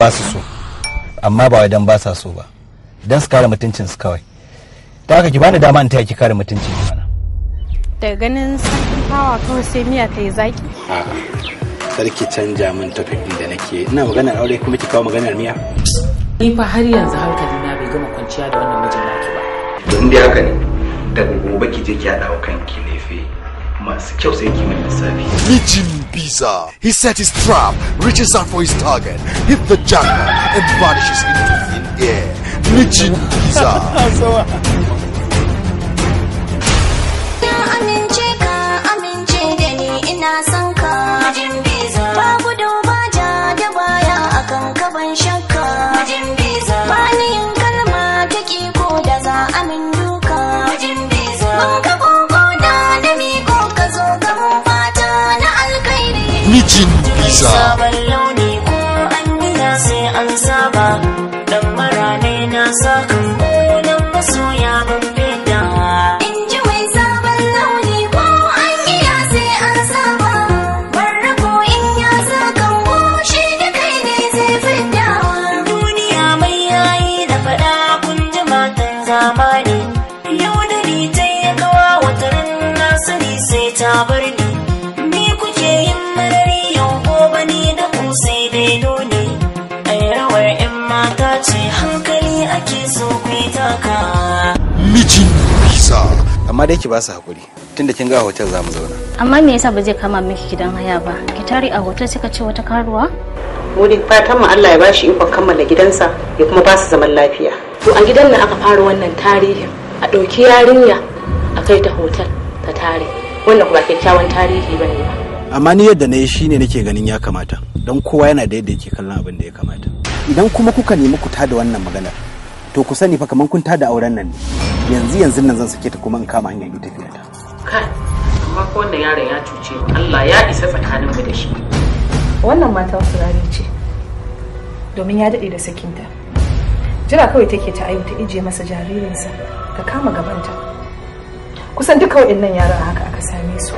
ba su so amma ba wai dan ba sa so ba dan su kare mutuncin su kawai ta haka ki bani dama in taya ki kare mutuncin ki mana Da ganin sarkin fawa kawai sai miya ta yi zaki sarki canja min topic din da nake ina maganar aure kuma ki kawo maganar miya ni fa har yanzu hankali na bai gama kwanciya da wannan mijin naki ba don dai haka ne daga gobe ki je ki hada wa kanki Lichin Biza. He set his trap, reaches out for his target, hits the jungle, and vanishes into thin air. Lichin Biza. ina son Ibiza. amma dai ki ba su hakuri tunda kin ga hotel za mu zauna amma me yasa ba zai kama miki gidan haya ba ki tare a hotel suka ce wata karuwa mu dai fatan mu Allah ya bashi iko kammala gidansa ya kuma ba su zaman lafiya to a gidan nan aka fara wannan tarihin a ɗauki yarinya a kai ta hotel ta tare wannan kuma kyakkyawan tarihi ba ne ba amma ni yadda na yi shine nake ganin ya kamata don kowa yana da yadda yake kallon abin da ya kamata idan kuma kuka nemi ku da wannan maganar to ku sani fa kamar kun tada auren nan yanzu yanzu nan zan sake ta kuma in kama hanyar yi tafiya ta kai amma ko wannan yaron ya cuce Allah ya isa tsakanin mu da shi wannan mata surari ce domin ya dade da sakinta jira kawai take ta ayyuta ta ije masa jaririnsa ka kama gabanta kusan duka waɗannan yaran haka aka same su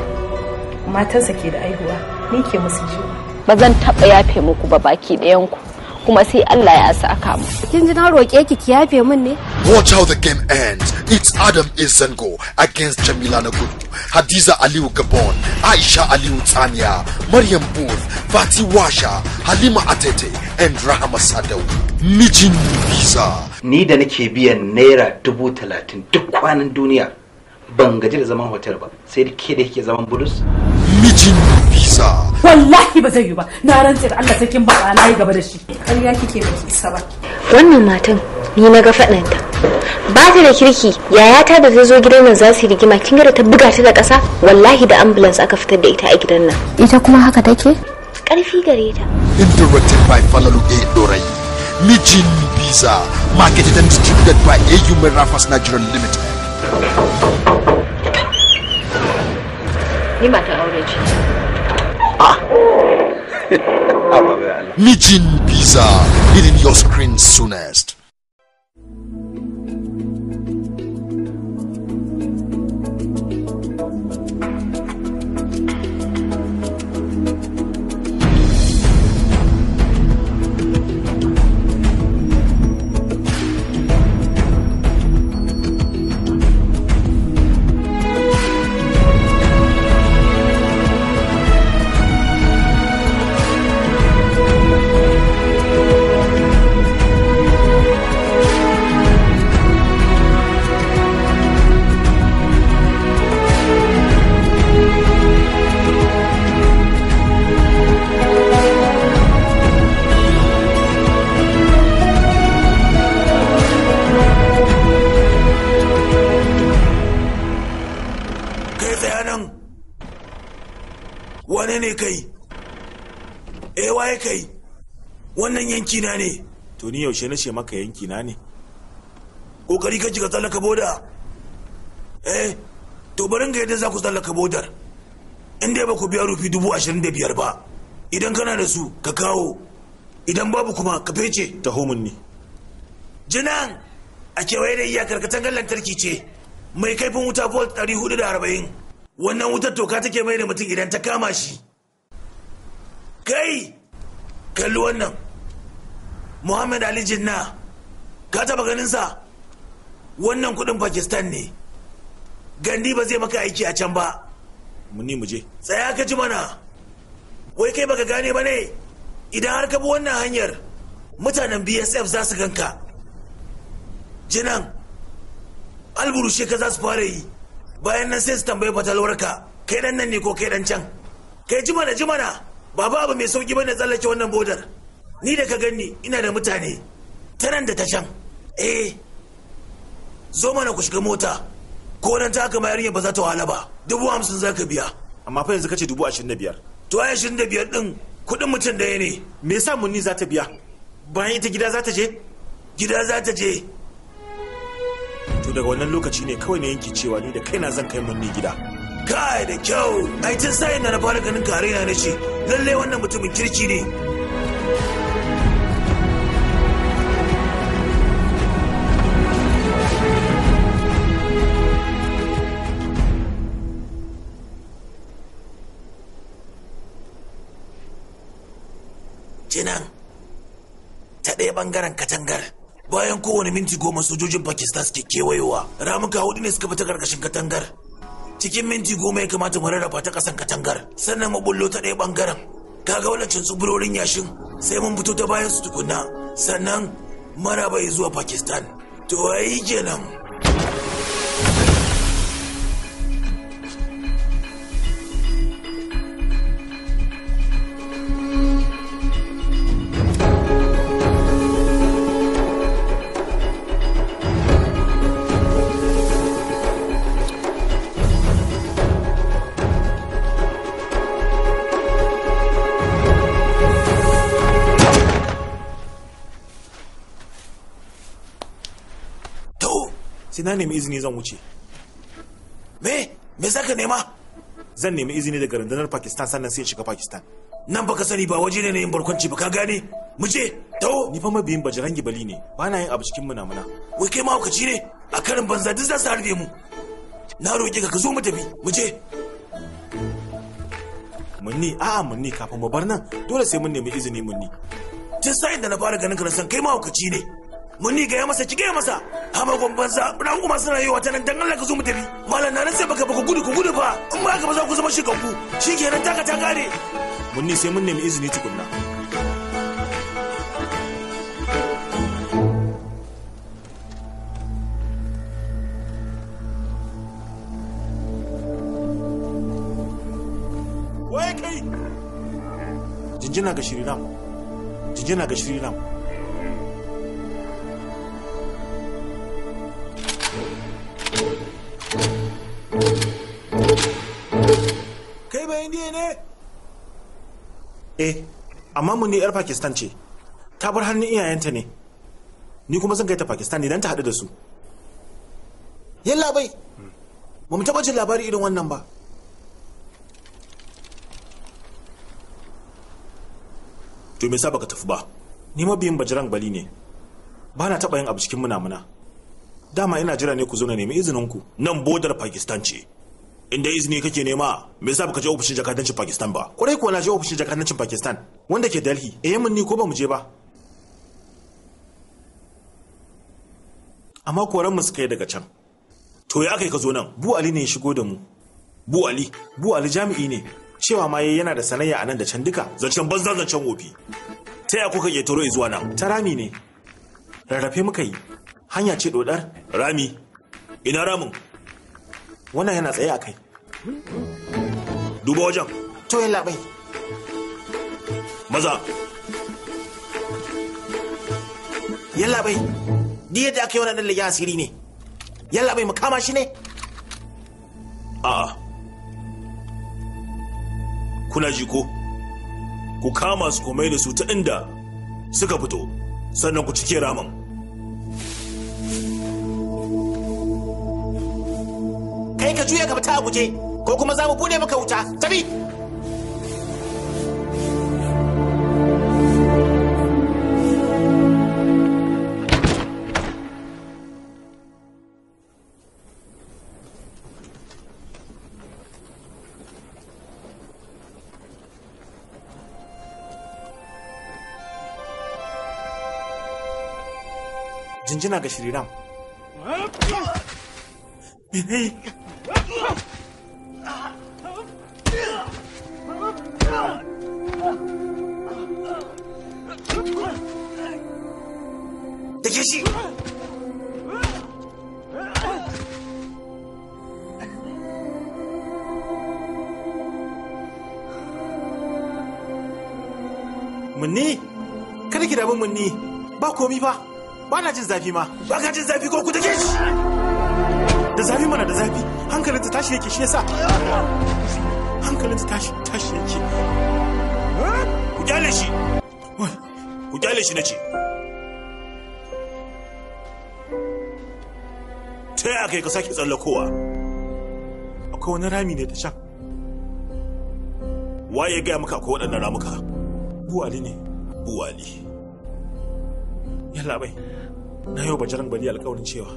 matansa ke da aihuwa ni ke musu jiwa ba zan taɓa yafe muku ba baki ɗayanku kuma sai Allah ya saka mu kin ji na roke ki ki yafe min ne watch how the game ends it's Adam Izango against Jamila Nagudu Hadiza Aliu Gabon Aisha Aliu Tania Maryam Booth Fati Washa Halima Atete and Rahama Sadau mijin visa ni da nake biyan naira dubu talatin duk kwanan duniya ban gaji da zaman hotel ba sai da ke da yake zaman bulus mijin sa wallahi ba zai yi ba na rantse da Allah sakin ba na yi gaba da shi ƙarya kike ba ki saba wannan matan ni na ga faɗan ta ba ta da kirki yayata da zai zo gidan nan za su yi rigima kin ga ta buga ta da ƙasa wallahi da ambulance aka fitar da ita a gidan nan ita kuma haka take ƙarfi gare ta interrupted by falalu a dorai mijin visa marketed and distributed by AU Merafas Nigeria Limited ni mata aure ce Mijin Pizza, hidden your screen soonest. yanki na ne to ni yaushe na ce maka yanki na ne kokari ka ka tsallaka boda eh to barin ga yadda za ku tsallaka bodar in dai ba ku biya rufi dubu ashirin da biyar ba idan kana da su ka kawo idan babu kuma ka fece ta homin ne jinan a kewaye da iyakar katangar lantarki ce mai kaifin wuta volt arba'in wannan wutar toka take mai da mutum idan ta kama shi kai kalli wannan muhammad ali jinna ka taba sa? wannan kudin pakistan ne gandi ba zai maka aiki a can ba muni tsaya ka ji mana wai kai baka gane ba ne idan har ka bi wannan hanyar mutanen bsf za su ganka jinan alburushe ka za su fara yi bayan nan sai su tambayi fatalwarka kai dan nan ne ko kai dan can kai ji mana ji mana ba abu mai sauki bane tsallake wannan bodar ni da ka ganni ina da mutane ta nan da ta can eh zo mana ku shiga mota ko nan ta kama yarinya ba za ta wahala ba dubu hamsin za ka biya amma fa yanzu ce dubu ashirin da biyar to ai ashirin da biyar din kuɗin mutum ɗaya ne me yasa ni za ta biya bayan ita gida za ta je gida za ta je to daga wannan lokaci ne kawai na yanke cewa ni da kaina zan kai munni gida kai da kyau ai tun sayin da na fara ganin kare na ce lallai wannan mutumin kirki ne kenan ta ɗaya ɓangaren katangar bayan kowane minti goma sojojin pakistan suke kewayewa ramuka hudu ne suka fita karkashin katangar cikin minti goma ya kamata mu rarraba ta ƙasan katangar sannan mu bullo ta ɗaya ɓangaren kaga wallacin tsuburorin yashin sai mun fito ta bayan su tukunna sannan mara bai zuwa pakistan to yayi kenan sai na nemi izini zan wuce me me za ka nema zan nemi izini daga rundunar pakistan sannan sai shiga pakistan nan baka sani ba waje ne na yin barkwanci ba ka gane mu je tawo ni fa mabiyin bajiran bali ne ba na yin abu cikin munamuna wai kai ma hukaci ne a karin banza duk za su harbe mu na roƙe ka ka zo mu tafi mu je munni a'a munni kafin mu bar nan dole sai mun nemi izini munni tun sa'in da na fara ganin ka na san kai ma hukaci ne munni gaya masa ki ya masa haba gwamban sa na kuma suna yi wata nan dangan Allah ka zo mu tafi malam na nan sai baka baka gudu ku gudu fa in ba ka ba za ku zama shigaggu shikenan taka ta kare mun ni sai mun nemi izini tukunna jinjina ga shiriram jinjina ga shiriram e indiya ne eh amma mun ne yar pakistan ce ta bar hannun iyayenta ne ni kuma zan kai ta pakistan idan ta hadu da su yalla bai ba mu taɓa jin labari irin wannan ba to me baka tafi ba ni mabiyin bajiran bali ne ba na taɓa yin abu cikin muna muna. dama ina jira ne ku zo na nemi izinin ku nan bodar pakistan ce inda izini kake nema me yasa baka je ofishin jakadancin Pakistan ba kwarai kuwa na je ofishin jakadancin Pakistan wanda ke Delhi eh mun ni ko ba mu je ba amma koran mu suka yi daga can to ya aka ka zo nan bu ali ne ya shigo da mu bu ali bu ali jami'i ne cewa ma yayi yana da sanayya anan da can duka zancen banza zancen wofi ta ya kuka iya toro zuwa nan ta rami ne rarrafe muka yi hanya ce dodar rami ina ramin wannan yana tsaye a kai duba wajen to yin labai maza yan labai di yadda aka yi wani ya asiri ne yan labai mu kama shi ne a kuna ji ko ku kama su komai da su ta inda suka fito sannan ku cike ramin kai ka juya gaba ta guje ko kuma za mu bude maka wuta tafi jinjina ga shiriram. Me shi munni kada ki damu munni ba komi fa ba na jin zafi ma ba ka jin zafi ko ku take shi da zafi mana da zafi hankalin ta tashi yake shi yasa hankalin ta tashi tashi yake ku kyale shi ku kyale shi na ce. ta yaya kai ka sake tsallakowa akwai wani rami ne ta can waye ya gaya maka akwai waɗannan ramuka buwali ne buwali yalla bai na yau bajaran bali alƙawarin cewa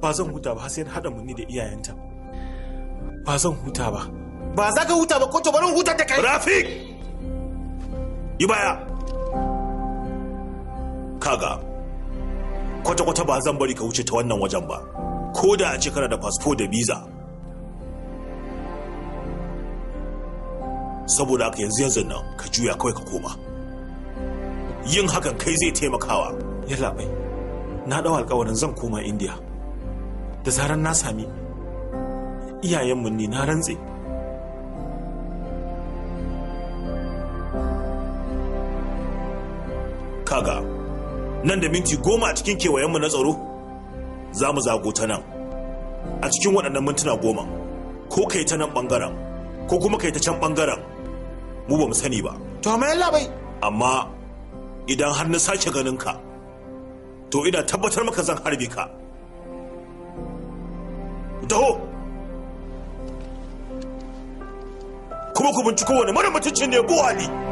ba zan huta ba sai na haɗa munni da iyayenta ba zan huta ba ba za ka huta ba ko to barin huta da kai rafiq yi baya kaga kwata-kwata ba zan bari ka wuce ta wannan wajen ba ko da a ce kana da fasfo da biza. saboda haka yanzu yanzu nan ka juya kawai ka koma yin hakan kai zai taimakawa ya labai na ɗau alkawarin zan koma indiya da zaran na sami iyayenmu ne na rantse kaga nan da minti goma a cikin kewayenmu na tsaro za mu zago ta nan a cikin waɗannan mintuna goma ko kai ta nan ɓangaren ko kuma kai ta can ɓangaren mu ba mu sani ba to amma yalla bai amma idan har na sake ganin ka to ina tabbatar maka zan harbe ka taho kuma ku binciko wani mara mutuncin ne buwali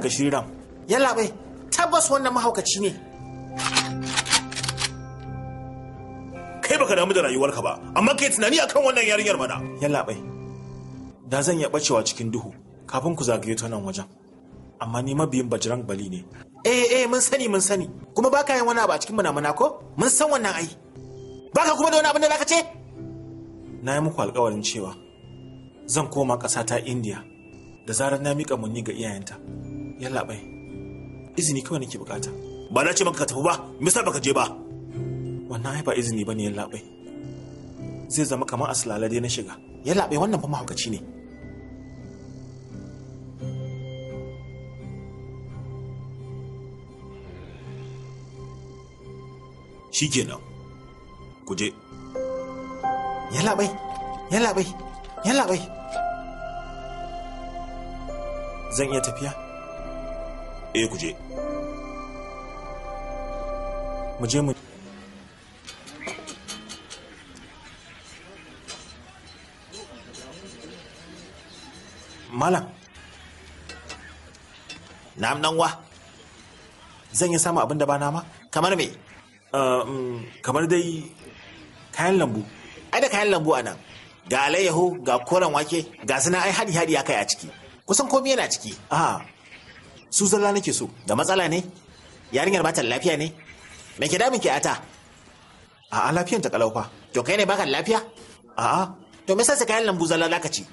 ga shiriran yalla bai tabbas wannan mahaukaci ne kai baka damu da rayuwarka ba amma kai tunani akan wannan yarinyar mana yalla bai da zan iya bacewa cikin duhu kafin ku zagaye ta nan wajen amma ni mabiyin bajiran bali ne eh eh mun sani mun sani kuma baka yin wani abu a cikin munamuna ko mun san wannan ai baka kuma da wani abin da zaka ce na yi muku alkawarin cewa zan koma ta indiya da zarar na miƙa munni ga iyayenta yalla bai izini kawai nake bukata ba na ce maka ka tafi ba misa baka je ba wannan ai ba izini bane yalla bai zai zama kamar aslala dai na shiga yalla bai wannan fa mahaukaci ne shikenan ku je yalla bai yalla bai yalla bai zan iya tafiya eh ku je mu je mu malam na'am nan wa zan iya samu abin da ba nama kamar me uh, mm, kamar dai kayan lambu ai da kayan lambu a nan ga alayyaho ga koren wake ga suna ai hadi hadi ya kai a ciki kusan komai yana ciki ah su zalla nake so da matsala ne yarinyar ba ta lafiya ne me ke damin ki ata a'a lafiyan ta kalau fa to kai ne baka lafiya a'a to me sai kayan lambu zalla zaka ci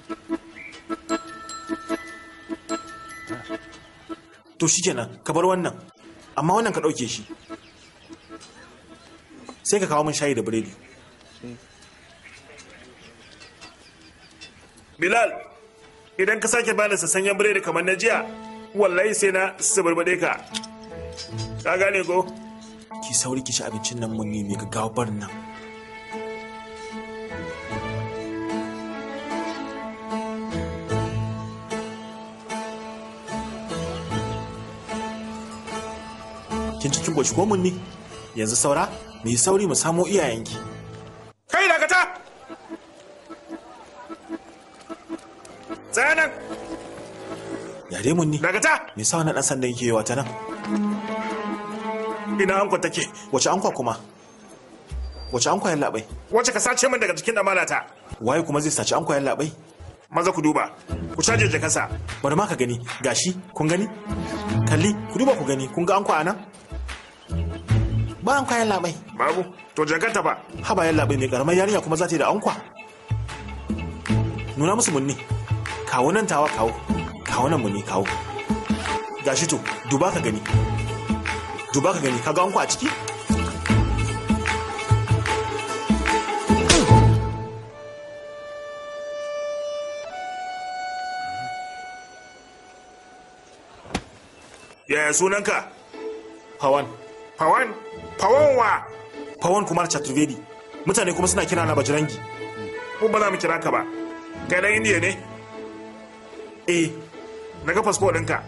to shikenan ka bar wannan amma wannan ka dauke shi sai ka kawo min shayi da biredi Bilal, idan ka sake bani sassanyen biredi kamar na jiya, wallahi sai na sabarbade ka ka gane ko ki sauri ki ci abincin nan mun ne mai gaggawar nan kin cikin boshi ko mun ne yanzu saura Me sauri mu samo iyayenki gare mu ne daga ta me sa wannan dan sandan yake wata nan ina ankwa take wace anko kuma wace anko yan labai wace ka sace min daga cikin amalata waye kuma zai sace anko yan labai maza ku duba ku caje jakansa bari ma ka gani gashi kun gani kalli ku duba ku gani kun ga anko anan ba anko yan labai babu to jakanta ba haba yan labai mai karamar yarinya kuma za ta yi da anko. nuna musu munni kawo nan tawa kawo kawo nan mu ne kawo shi to duba ka gani duba ka gani ka ga anko a ciki yaya sunanka pawan pawan pawan wa pawan kumar chaturvedi mutane kuma suna kira na bajirangi ko ba za mu kira ka ba kai dan indiya ne eh na ga fasfo ɗinka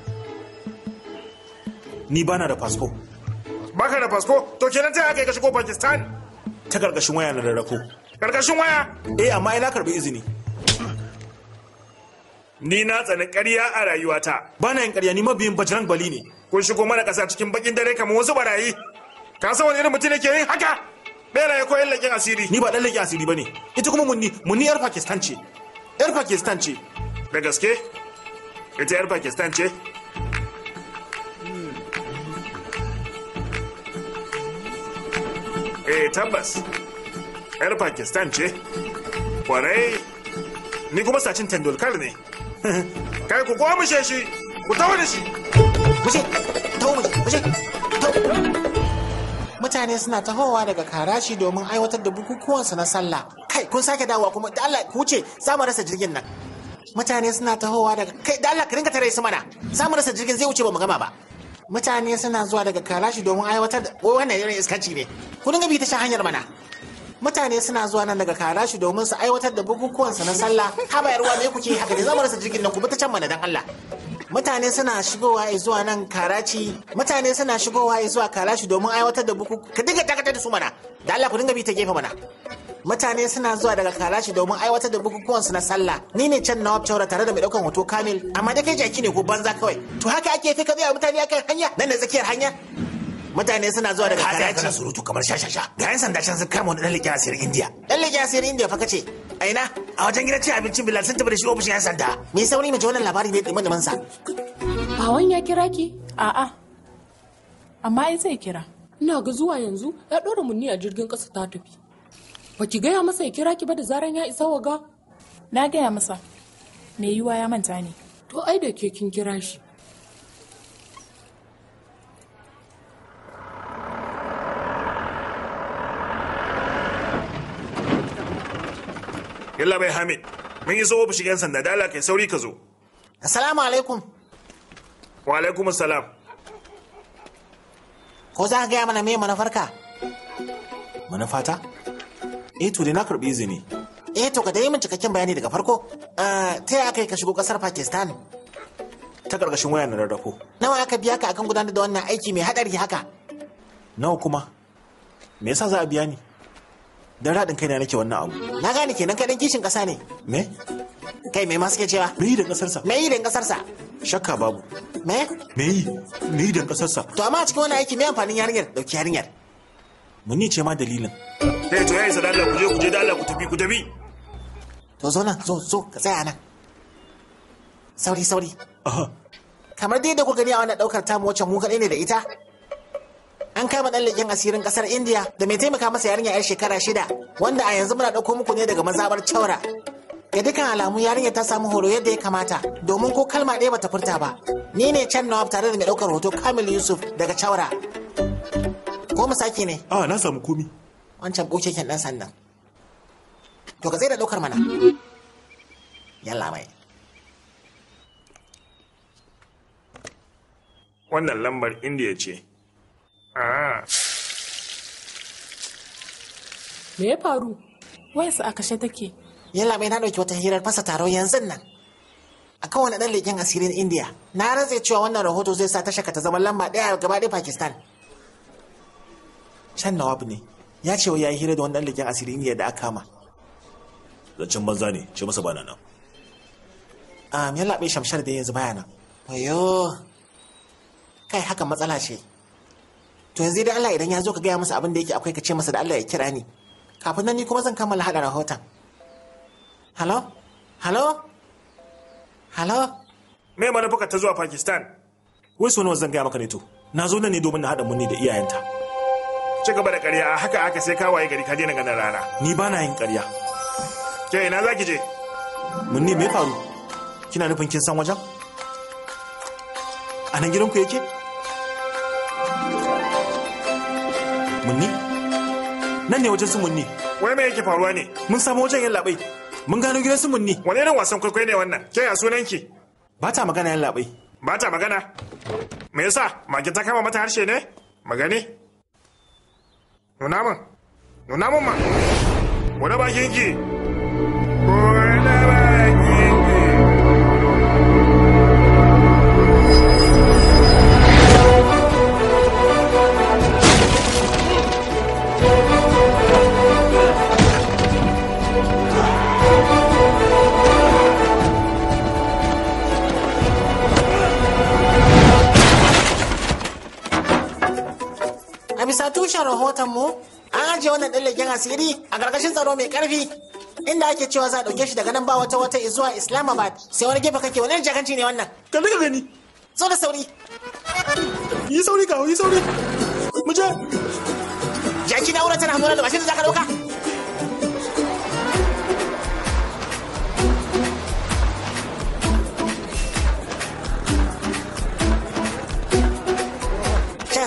ni na da fasfo ba ka da fasfo to kenan ta haka ka shigo pakistan ta karkashin waya na rarrako karkashin waya eh amma ina karɓi izini ni na tsani ƙarya a rayuwata ba na yin ƙarya ni mabiyin bajiran bali ne kun shigo mana ƙasa cikin bakin dare kamar wasu barayi ka san wani irin mutum yake yin haka bera ya koyi laƙin asiri ni ba ɗan laƙin asiri ba ne ita kuma munni munni yar pakistan ce yar pakistan ce da gaske ita yar pakistan ce hmm. eh tabbas yar pakistan ce kwarai ni kuma sacin tendulkar ne kai ku kuwa mushe shi ku tawo da shi mushe tawo mushe mushe mutane suna tahowa daga karashi domin aiwatar da bukukuwan su na sallah kai kun sake dawowa kuma da Allah ku ce za mu rasa jirgin nan mutane suna tahowa daga kai da Allah ka ringa tare su mana samu rasa jirgin zai wuce ba mu gama ba mutane suna zuwa daga kalashi domin aiwatar da wannan irin iskanci ne ku dinga bi ta hanyar mana mutane suna zuwa nan daga kalashi domin su aiwatar da bukukuwan sa na sallah haba yarwa ne kuke haka ne zamu rasa jirgin nan ku bi ta can mana dan Allah mutane suna shigowa zuwa nan karaci mutane suna shigowa zuwa karashi domin aiwatar da buku ka dinga dakatar da su mana da Allah ku dinga bi ta gefe mana mutane suna zuwa daga karashi domin aiwatar da bukukuwan su na sallah ni ne can na wabtaura tare da mai daukan hoto kamil amma da kai jaki ne ko banza kawai to haka ake fi ka tsaya mutane akan hanya nan da tsakiyar hanya mutane suna zuwa daga karashi kana surutu kamar shashasha ga yan sanda can sun kama wani dan liƙi asirin indiya dan liƙi asirin indiya fa kace aina a wajen gidan cin abincin bilal sun tafi da shi ofishin yan sanda me sauri mace wannan labari ne da mansa bawan ya kira ki a'a amma ai zai kira ina ga zuwa yanzu ya ɗora ni a jirgin ƙasa ta tafi ba ki gaya masa ya kira ki ba da zaran ya isa waga na gaya masa mai yiwa ya manta ne to ai da ke kin kira shi Yalla bai Hamid, mun yi tsawo shigen sanda dala kai sauri ka zo. Assalamu alaikum. Wa alaikum assalam. Ko za ka gaya mana me manafarka? Manafata? eh to dai na karɓi izini eh to ka dai min cikakken bayani daga farko ah, ta yaya aka yi ka shigo ƙasar pakistan ta ƙarƙashin waya na rarrafo nawa aka biya ka akan gudanar da wannan aiki mai haɗari haka nawa kuma me yasa za a biya ni dan raɗin kaina nake wannan abu na gane kenan kai dan kishin ƙasa ne me kai me ma suke cewa me yi da ƙasarsa me yi da ƙasarsa shakka babu me me yi me yi da ƙasarsa to amma a cikin wannan aiki me amfanin yarinyar dauki yarinyar ni ce ma dalilin kai eh, to yayi sadalla ku je ku je dalla ku tafi ku tafi to zo nan zo zo ka tsaya nan sauri sauri kamar dai da ku gani a wannan daukar tamu wacce mu kadai ne da ita an kama dan leƙen asirin kasar India da mai taimaka masa yarinya yar shekara shida wanda a yanzu muna dauko muku ne daga mazabar Chaura ga dukkan alamu yarinya ta samu horo yadda ya kamata domin ko kalma ɗaya bata furta ba ni ne can nawab tare da mai ɗaukar hoto Kamil Yusuf daga Chaura goma sake ne a ah, na samu komi wancan bokeken dan sandan to ka zai da daukar mana yalla mai wannan lambar indiya ce ah. me ya faru wayarsa a kashe take yalla mai na dauki wata hirar fasa taro yanzu nan kan wani dan leken asirin indiya na rantse cewa wannan rahoto zai sa tashaka ta zama lamba daya gaba ɗaya pakistan shan nawab ne ya ce ya yi hira da wannan leƙen asiri ne da aka kama zancen banza ne ce masa bana nan a ya laɓe shamshar da yanzu baya nan wayo kai haka matsala ce to yanzu dai Allah idan ya zo ka gaya masa abin da yake akwai ka ce masa da Allah ya kira ni kafin nan ni kuma zan kammala haɗa rahoton halo halo halo me manufarka ta zuwa pakistan wai so nawa zan gaya maka ne to na zo nan ne domin na haɗa muni da iyayenta ci gaba da karya haka haka sai ka gari ka na ganin rana ni ba na yin karya ke ina za ki je mun ne me faru kina nufin kin san wajen a nan gidanku yake munni nan ne wajen su munni wai me yake faruwa ne mun samu wajen yan labai mun gano gidan su munni wani irin wasan kwaikwayo ne wannan ke ya sunan ki ba ta magana yan labai ba ta magana me yasa mage ta kama mata harshe ne magani nunama min ma wani bakin ki sashen rahoton mu an ajiye wannan ɗin legen asiri a ƙarƙashin tsaro mai ƙarfi inda ake cewa za a ɗauke shi daga nan ba wata wata zuwa islamabad sai wani gefe kake wani jakanci ne wannan ka gani zo da sauri yi sauri kawo yi sauri mu je jaki na wurin tana hamura da bashin da za ka ɗauka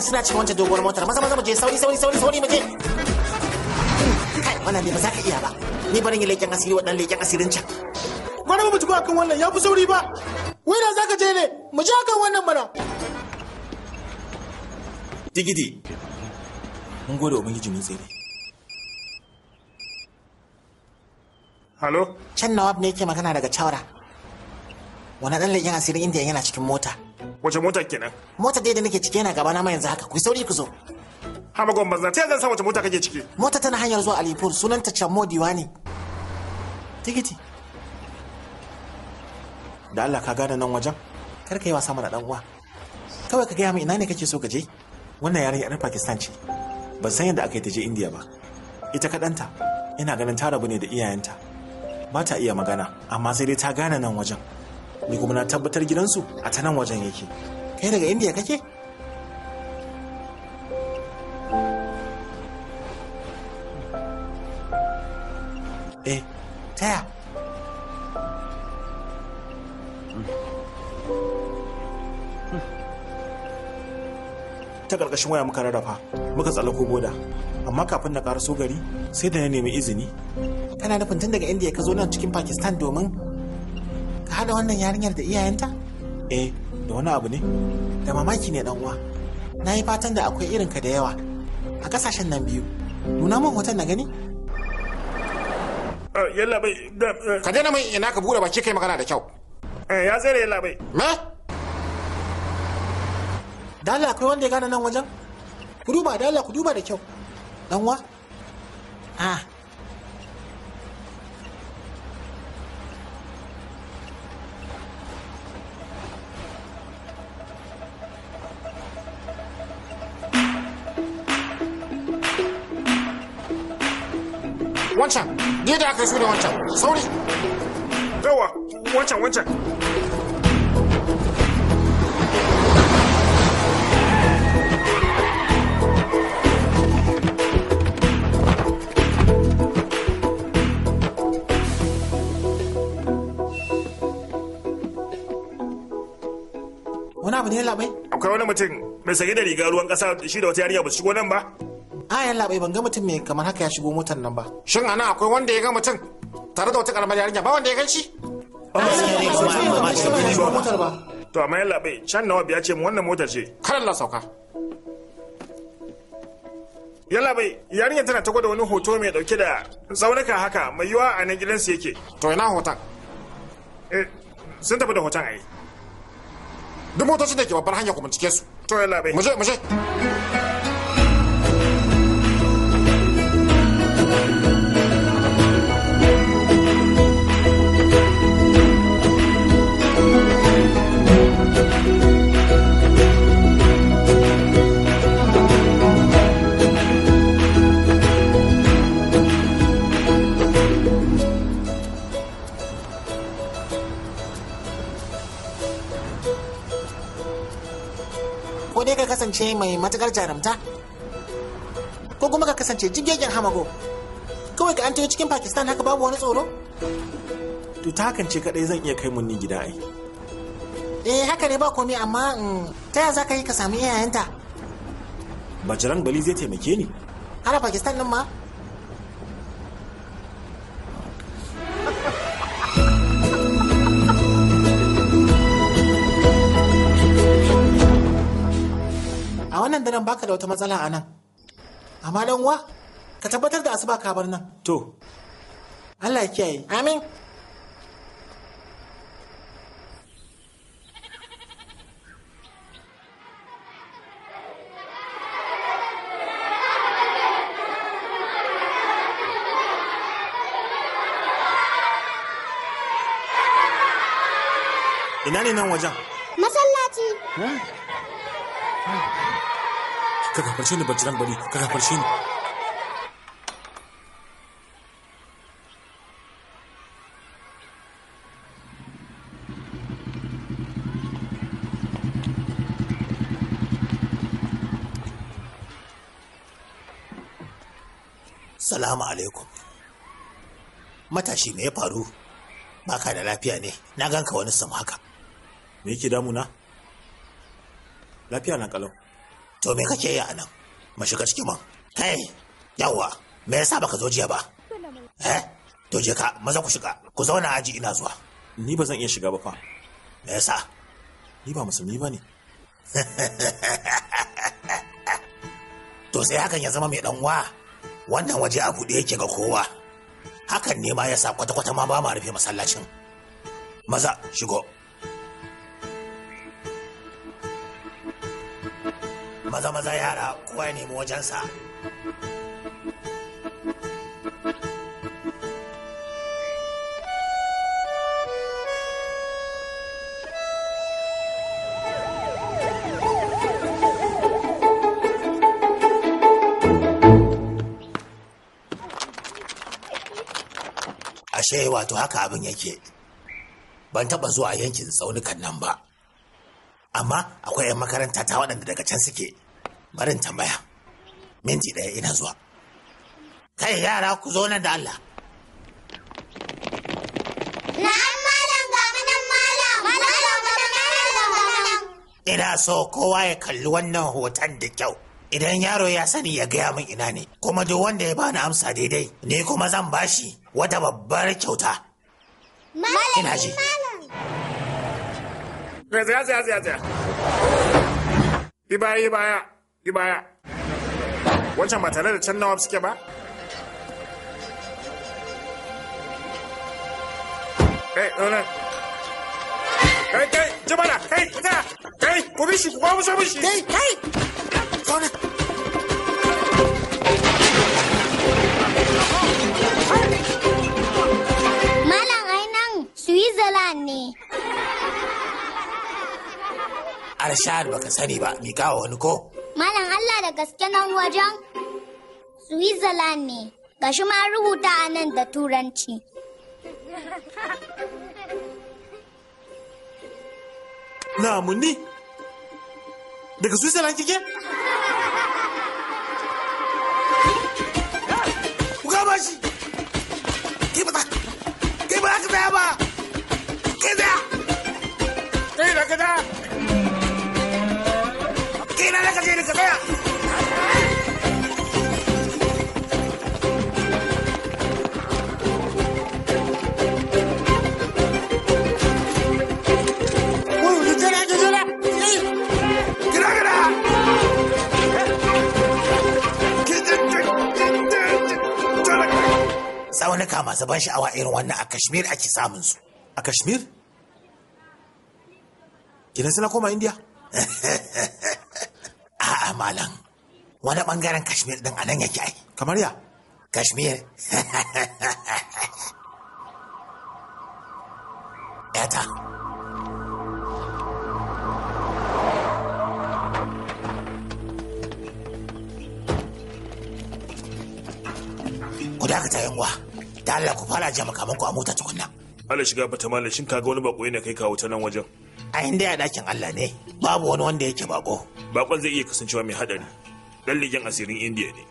suna cikin wancan doguwar motar maza maza mu je sauri sauri sauri sauri mu je kai wannan ne ba za ka iya ba ni barin yi leken asiri wa dan leken asirin can gwada mu ba kan wannan ya fi sauri ba wai da za ka je ne mu je kan wannan mana digidi mun gode wa ubangiji mun tsere Halo? Can Nawab ne yake magana daga Chaura. Wani ɗan leƙen asirin indiya yana cikin mota. wace motar kenan motar dai da nake ciki yana gaba na ma yanzu haka ku sauri ku zo magon banza ta zan san wace mota kake ciki mota tana hanyar zuwa alipur sunanta chammo diwani tikiti da Allah ka gane nan wajen kar ka yi wasa mana dan uwa kawai ka gaya min ina ne kake so ka je wannan yaren yar Pakistan ce ban san yadda aka yi ta je India ba ita kaɗanta ina ganin ta rabu ne da iyayenta ba ta iya magana amma sai dai ta gane nan wajen ni kuma na tabbatar gidansu a ta nan wajen yake kai daga indiya kake eh taya ta ƙarƙashin waya muka rarrafa muka tsala ko boda amma kafin na ƙaraso gari sai da na nemi izini kana nufin tun daga indiya ka zo nan cikin pakistan domin ka hada wannan yarinyar da iyayenta eh da wani abu ne da mamaki ne dan uwa na yi fatan da akwai irinka da yawa a kasashen nan biyu nuna min hoton na gani eh, yalla bai eh. ka daina mai ina ka bude baki kai magana da kyau eh, ya tsere yalla bai me dala akwai wanda ya gane nan wajen ku duba dala ku duba da kyau dan uwa? ah wancan ne da aka da wancan sauri yawa wancan wancan wani abu ne labai akwai wani mutum mai sanye da riga ruwan kasa shi da wata yariya ba su shigo nan ba ayan labai ban ga mutum mai kamar haka ya shigo motar nan ba shin ana akwai wanda ya ga mutum tare da wata karamar yarinya ba wanda ya gan shi to amma ya labai can nawa biya ce mu wannan motar ce kar Allah sauka Ya labai yarinya tana ta gwada wani hoto mai dauke da tsaunuka haka mai yiwa a nan gidansu yake to ina hoton eh, sun tafi da hoton ai duk motocin da ke babbar hanya kuma cike su to ya labai. mu je mu je ka kasance mai matakar jarumta ko kuma ka kasance jigegen hamago kawai ka an tayo cikin pakistan haka babu wani tsoro to ta hakan ce kadai zan iya kai mun ni gida ai eh haka ne ba komai amma mm, ta ya za ka yi ka samu iyayenta bajiran bali zai taimake ni har pakistan din ma a wannan daren baka da wata matsala a nan amma dan wa ka tabbatar da asuba ka bar nan to Allah ya kiyaye amin ina ne nan wajen masallaci ka gafarce ni bacci bari ka gafarce ni Salamu alaikum. Matashi me ya faru? Baka da lafiya ne, na ganka wani sam haka. Me yake damuna? Lafiya na kalau. to me kake yi a nan mu shiga cikin mun kai Yawa, me yasa baka zo jiya ba eh to je ka maza ku shiga ku zauna aji ina zuwa ni ba zan iya shiga ba fa me yasa ni ba musulmi ba ne to sai hakan ya zama mai dan wa wannan waje a bude yake ga kowa hakan ne ma yasa kwata-kwata ma ba ma rufe masallacin maza shigo maza maza yara kowa ya nemi wajensa ashe wato haka abin yake ban taba zuwa yankin tsaunukan nan ba amma akwai 'yan makaranta ta waɗanda daga can suke barin tambaya minti ɗaya ina zuwa kai yara ku zo nan da Allah ina so kowa ya kalli wannan hoton da kyau idan yaro ya sani ya gaya min ina ne kuma duk wanda ya bani amsa daidai ne kuma zan bashi wata babbar kyauta ina ji Ibaya ibaya. Yi baya. Wancan ba tare da can nawa suke ba? Kai, ɗaure. Kai, kai, ji mana, kai, ita, kai, ku bi shi, ku kwamu sa shi. Kai, kai, zaune. Malam ainan Switzerland ne. Arshad baka sani ba, mi kawo wani ko? Malam Allah da gaske nan wajen Switzerland ne, ga shi ma rubuta a nan da Turanci. Namu Daga Switzerland kike? Kuka ba shi! Ke ba ke ba ka tsaya ba! Ke tsaya! Ke da ka tsaunuka masu ban sha'awa irin wannan a kashmir ake samun su a kashmir kina suna koma indiya a malam wani bangaren kashmir din anan yake ai kamar ya kashmir yata ku dakata yanwa Ta Allah ku fara jama ku a mota tukunna Allah shiga bata malashin kaga wani bako ne kai kawo ta nan wajen a inda ya dakin Allah ne babu wani wanda yake bako bakon zai iya kasancewa mai hadari dan ligin asirin indiya ne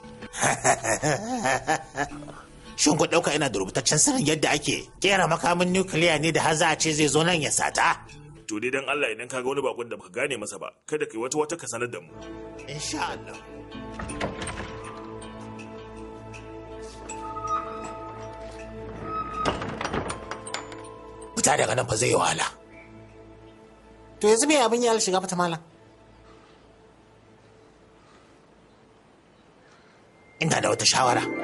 shin ku dauka ina da rubutaccen sirrin yadda ake kera makamin nukiliya ne da haza ce zai zo nan ya sata to dai dan Allah idan kaga wani bakon da baka gane masa ba kada kai wata wata ka sanar da mu insha Allah fita daga nan fa zai wahala to yanzu me abin ya shiga fata malam ina da wata shawara yanzu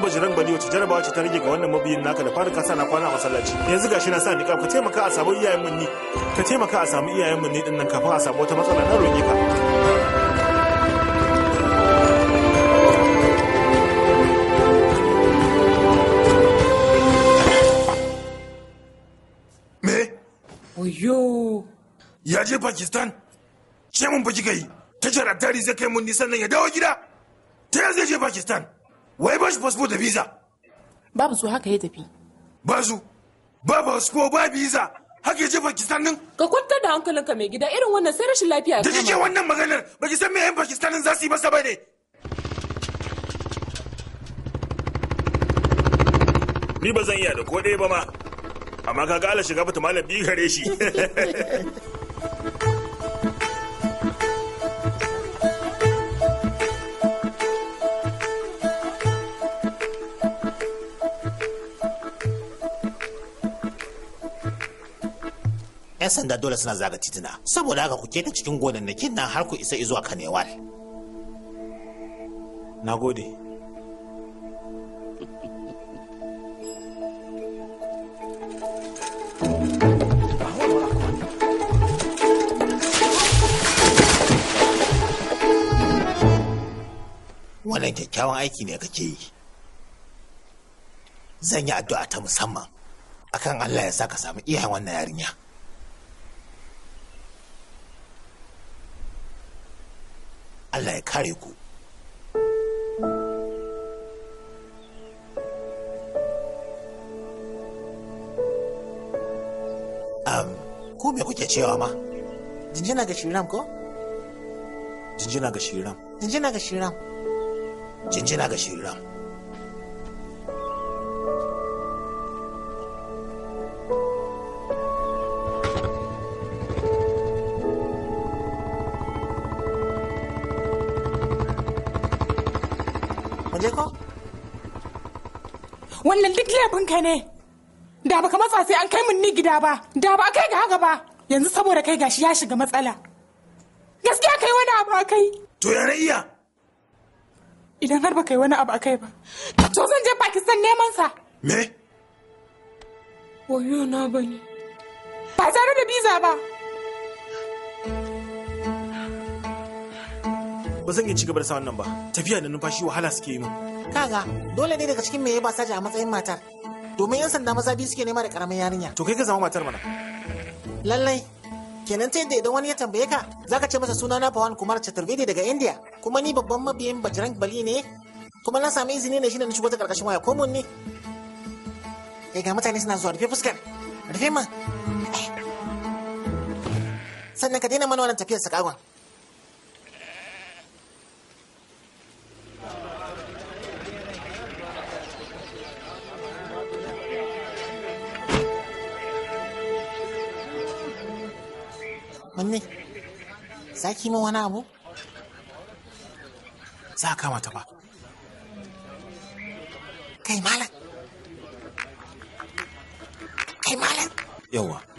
bajiran bali wacce jarabawa ce ta rage ga wannan mabiyin naka da fara kasa na kwana a masallaci yanzu gashi na sa ni ka taimaka a samu iyayen mun ni ka taimaka a samu iyayen mun ni din nan kafin a samu wata matsala na roƙe ka Oyo. Ya je Pakistan? Ce mun fi yi yi? Tashar Attari zai kai mun nisan nan ya dawo gida. Ta ya zai je Pakistan? Wai ba shi fasfo da visa. Babu su haka ya tafi. Ba su. Ba fasfo ba visa. Haka ya je Pakistan din? Ka kwantar da hankalinka mai gida irin wannan sai rashin lafiya. Da kike wannan maganar ba ki san me yan Pakistan din za su yi masa ba ne. Ni ba zan iya da ko ɗaya ba ma. amma ka gala shiga bata malam bi gare shi yan sanda dole suna zaga tituna saboda haka ku keta cikin gonannakin nan har ku isa izuwa kanewal na gode wannan kyakkyawan aiki ne kake yi zan yi addu'a ta musamman akan Allah ya sa ka samu iyayen wannan yarinya Allah ya kare ku um, ko me kuke cewa ma jinjina ga shiram ko jinjina ga shiram jinjina ga shiram cincina ga shiriram wannan duk laifinka ne da baka matsa sai an kai mun ni gida ba da ba kai ga haka ba yanzu saboda kai gashi ya shiga matsala gaskiya kai wani abu kai to yana iya idan har baka yi wani abu akai ba to zan je pakistan neman sa me wayo na bane ba tare da biza ba ba zan iya cigaba da sa wannan ba tafiya da numfashi wahala suke yi min kaga dole ne daga cikin me ya ba saja a matsayin matar domin yan sanda maza biyu suke nema da karamin yarinya to kai ka zama matar mana lallai kenan ta yadda idan wani ya tambaye ka ka ce masa suna na Pawan Kumar Chaturvedi daga India kuma ni babban mabiyin Bajrang Bali ne kuma na sami izini ne shine na shigo ta karkashin waya komun ne eh ga mutane suna zuwa rufe fuskar rufe ma eh. sannan ka daina mana wannan tafiyar sakagon Mamme, za ki min wani abu? Za ka mata ba. Kai malam. Kai malam. Yawa.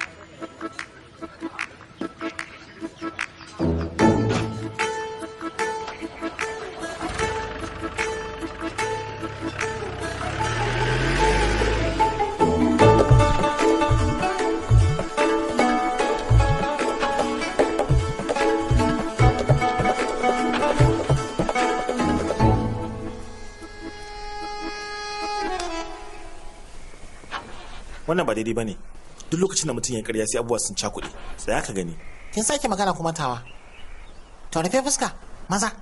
wannan ba daidai ba ne duk lokacin da mutum ya karya sai abubuwa sun cakuɗe ya ka gani kin sake magana kuma tawa to rufe fuska maza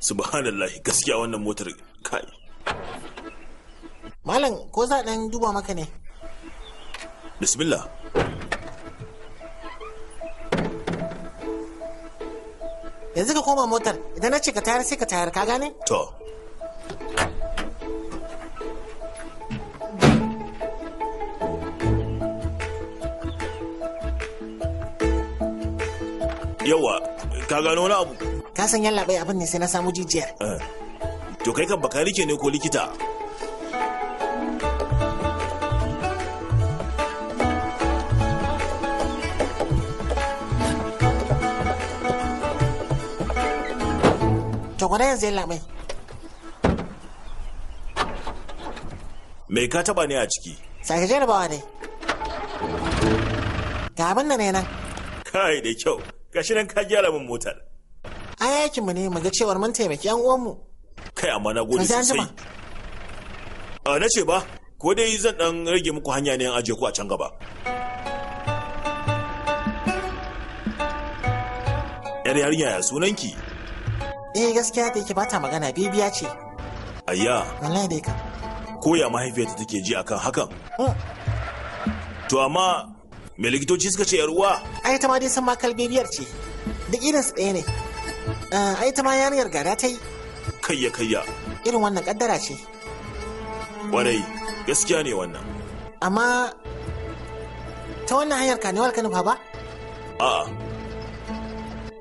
subhanallah gaskiya wannan motar kai malam ko za dan duba maka ne bismillah yanzu ka koma motar idan na ce ka tayar sai ka tayar ka gane to yawa ka gano wani abu ka san yallaɓai abin ne sai na samu jijiyar eh. to kai ka baka rike ne ko likita gwada yanzu yalla mai me ka taba ne a ciki sake bawa ne ga abin da ne nan kai da kyau gashi nan ka gyara min motar ai yakin mu ne mu ga cewar mun taimaki yan uwanmu kai amma na gode sosai a na ce ba ko dai zan dan rage muku hanya ne an aje ku a can gaba yar yarinya ya sunanki eh gaskiya da yake ba ta magana bibiya ce ayya wallahi dai ka koya mahaifiyarta take ji akan hakan hmm. to amma me likitoci suka ce uwa ai ta ma dai san ma bibiyar ce duk su ɗaya ne ah, ai ta ma yarinyar gada ta yi kayya kayya irin wannan kaddara ce kwarai gaskiya ne wannan amma ta wannan hanyar kanewar ka nufa ba a'a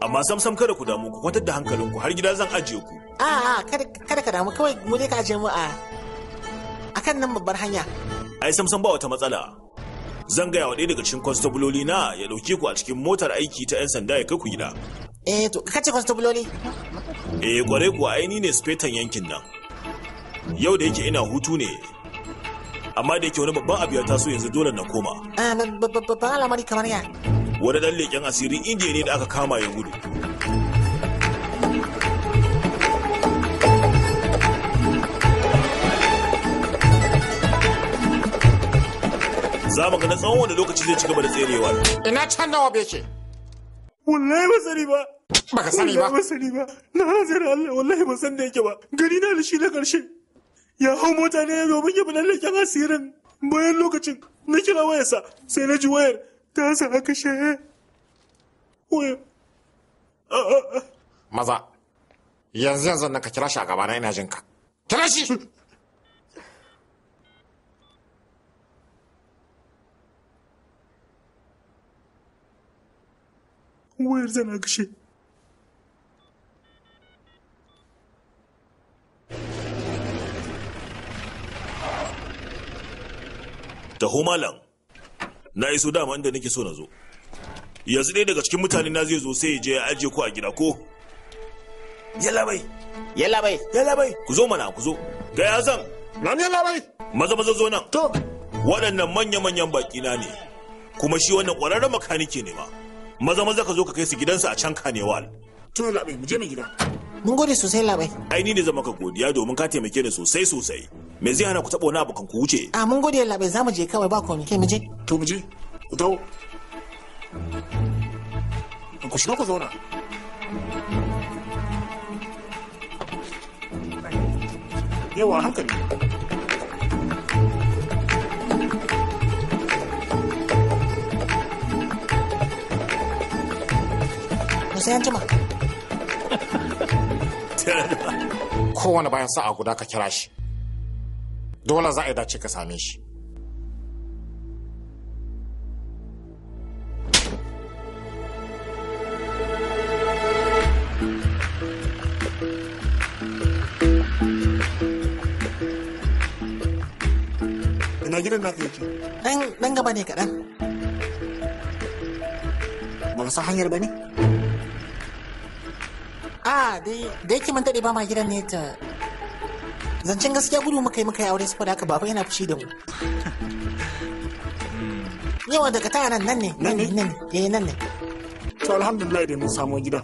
amma sam sam kada ku damu ku kwatar da hankalinku har gida zan ajiye ku a a kada ka damu kawai mu dai ka ajiye mu a akan nan babbar hanya ai sam ba wata matsala zan gaya wa ɗaya daga cikin konstabuloli na ya ɗauke ku a cikin motar aiki ta 'yan sanda ya kai ku gida eh to ce konstabuloli eh kwarai kuwa aini ne spetan yankin nan yau da yake ina hutu ne amma da yake wani babban abu ya taso yanzu dole na koma. Babban al'amari kamar ya. wani dan leƙen asirin indiya ne da aka kama ya gudu za mu ga na tsawon wani lokaci zai ci gaba da tserewa ina can nawa bai ce wallahi ba sani ba baka sani ba ba sani ba na hanzar Allah wallahi ban san da yake ba gani na da shi na karshe ya hau mota ne domin ya bi dan leƙen asirin bayan lokacin na kira wayarsa sai na ji wayar ta sa aka shaye maza yanzu yanzu nan ka kira shi a gaba na ina jinka kira shi wayar zana kashe taho malam na iso dama inda nake so na zo yanzu ɗaya daga cikin mutane na zai zo sai ya je ya ajiye ku a gida ko yalla bai yalla bai yalla bai ku zo mana ku zo ga ya zan nan yalla bai maza maza zo nan to waɗannan manya manyan baki na ne kuma shi wannan ƙwararren makaniki ne ma maza maza ka zo ka kai su gidansa a can kanewal to labai mu je mu gida mun gode sosai labai ai ni ne zama ka godiya domin ka taimake ni sosai sosai me zai hana ku taɓa wani abu kan ku wuce a ah, mun gode labai za mu je kawai ba komai ke mu je to mu je ku tawo ku shiga ku zauna yawa hankali Musa an jima. Kowane bayan sa'a guda ka kira shi. dole za a yi dace ka same shi ina gidan naka yake dan gaba ne kaɗan ba san hanyar ba ne a ah, da yake mun daɗe ba ma gidan ne ta zancen gaskiya gudu muka yi muka yi aure saboda haka baba yana fushi da mu yawa daga ta nan nan ne nan ne nan ne eh, nan ne to alhamdulillah dai mun samu gidan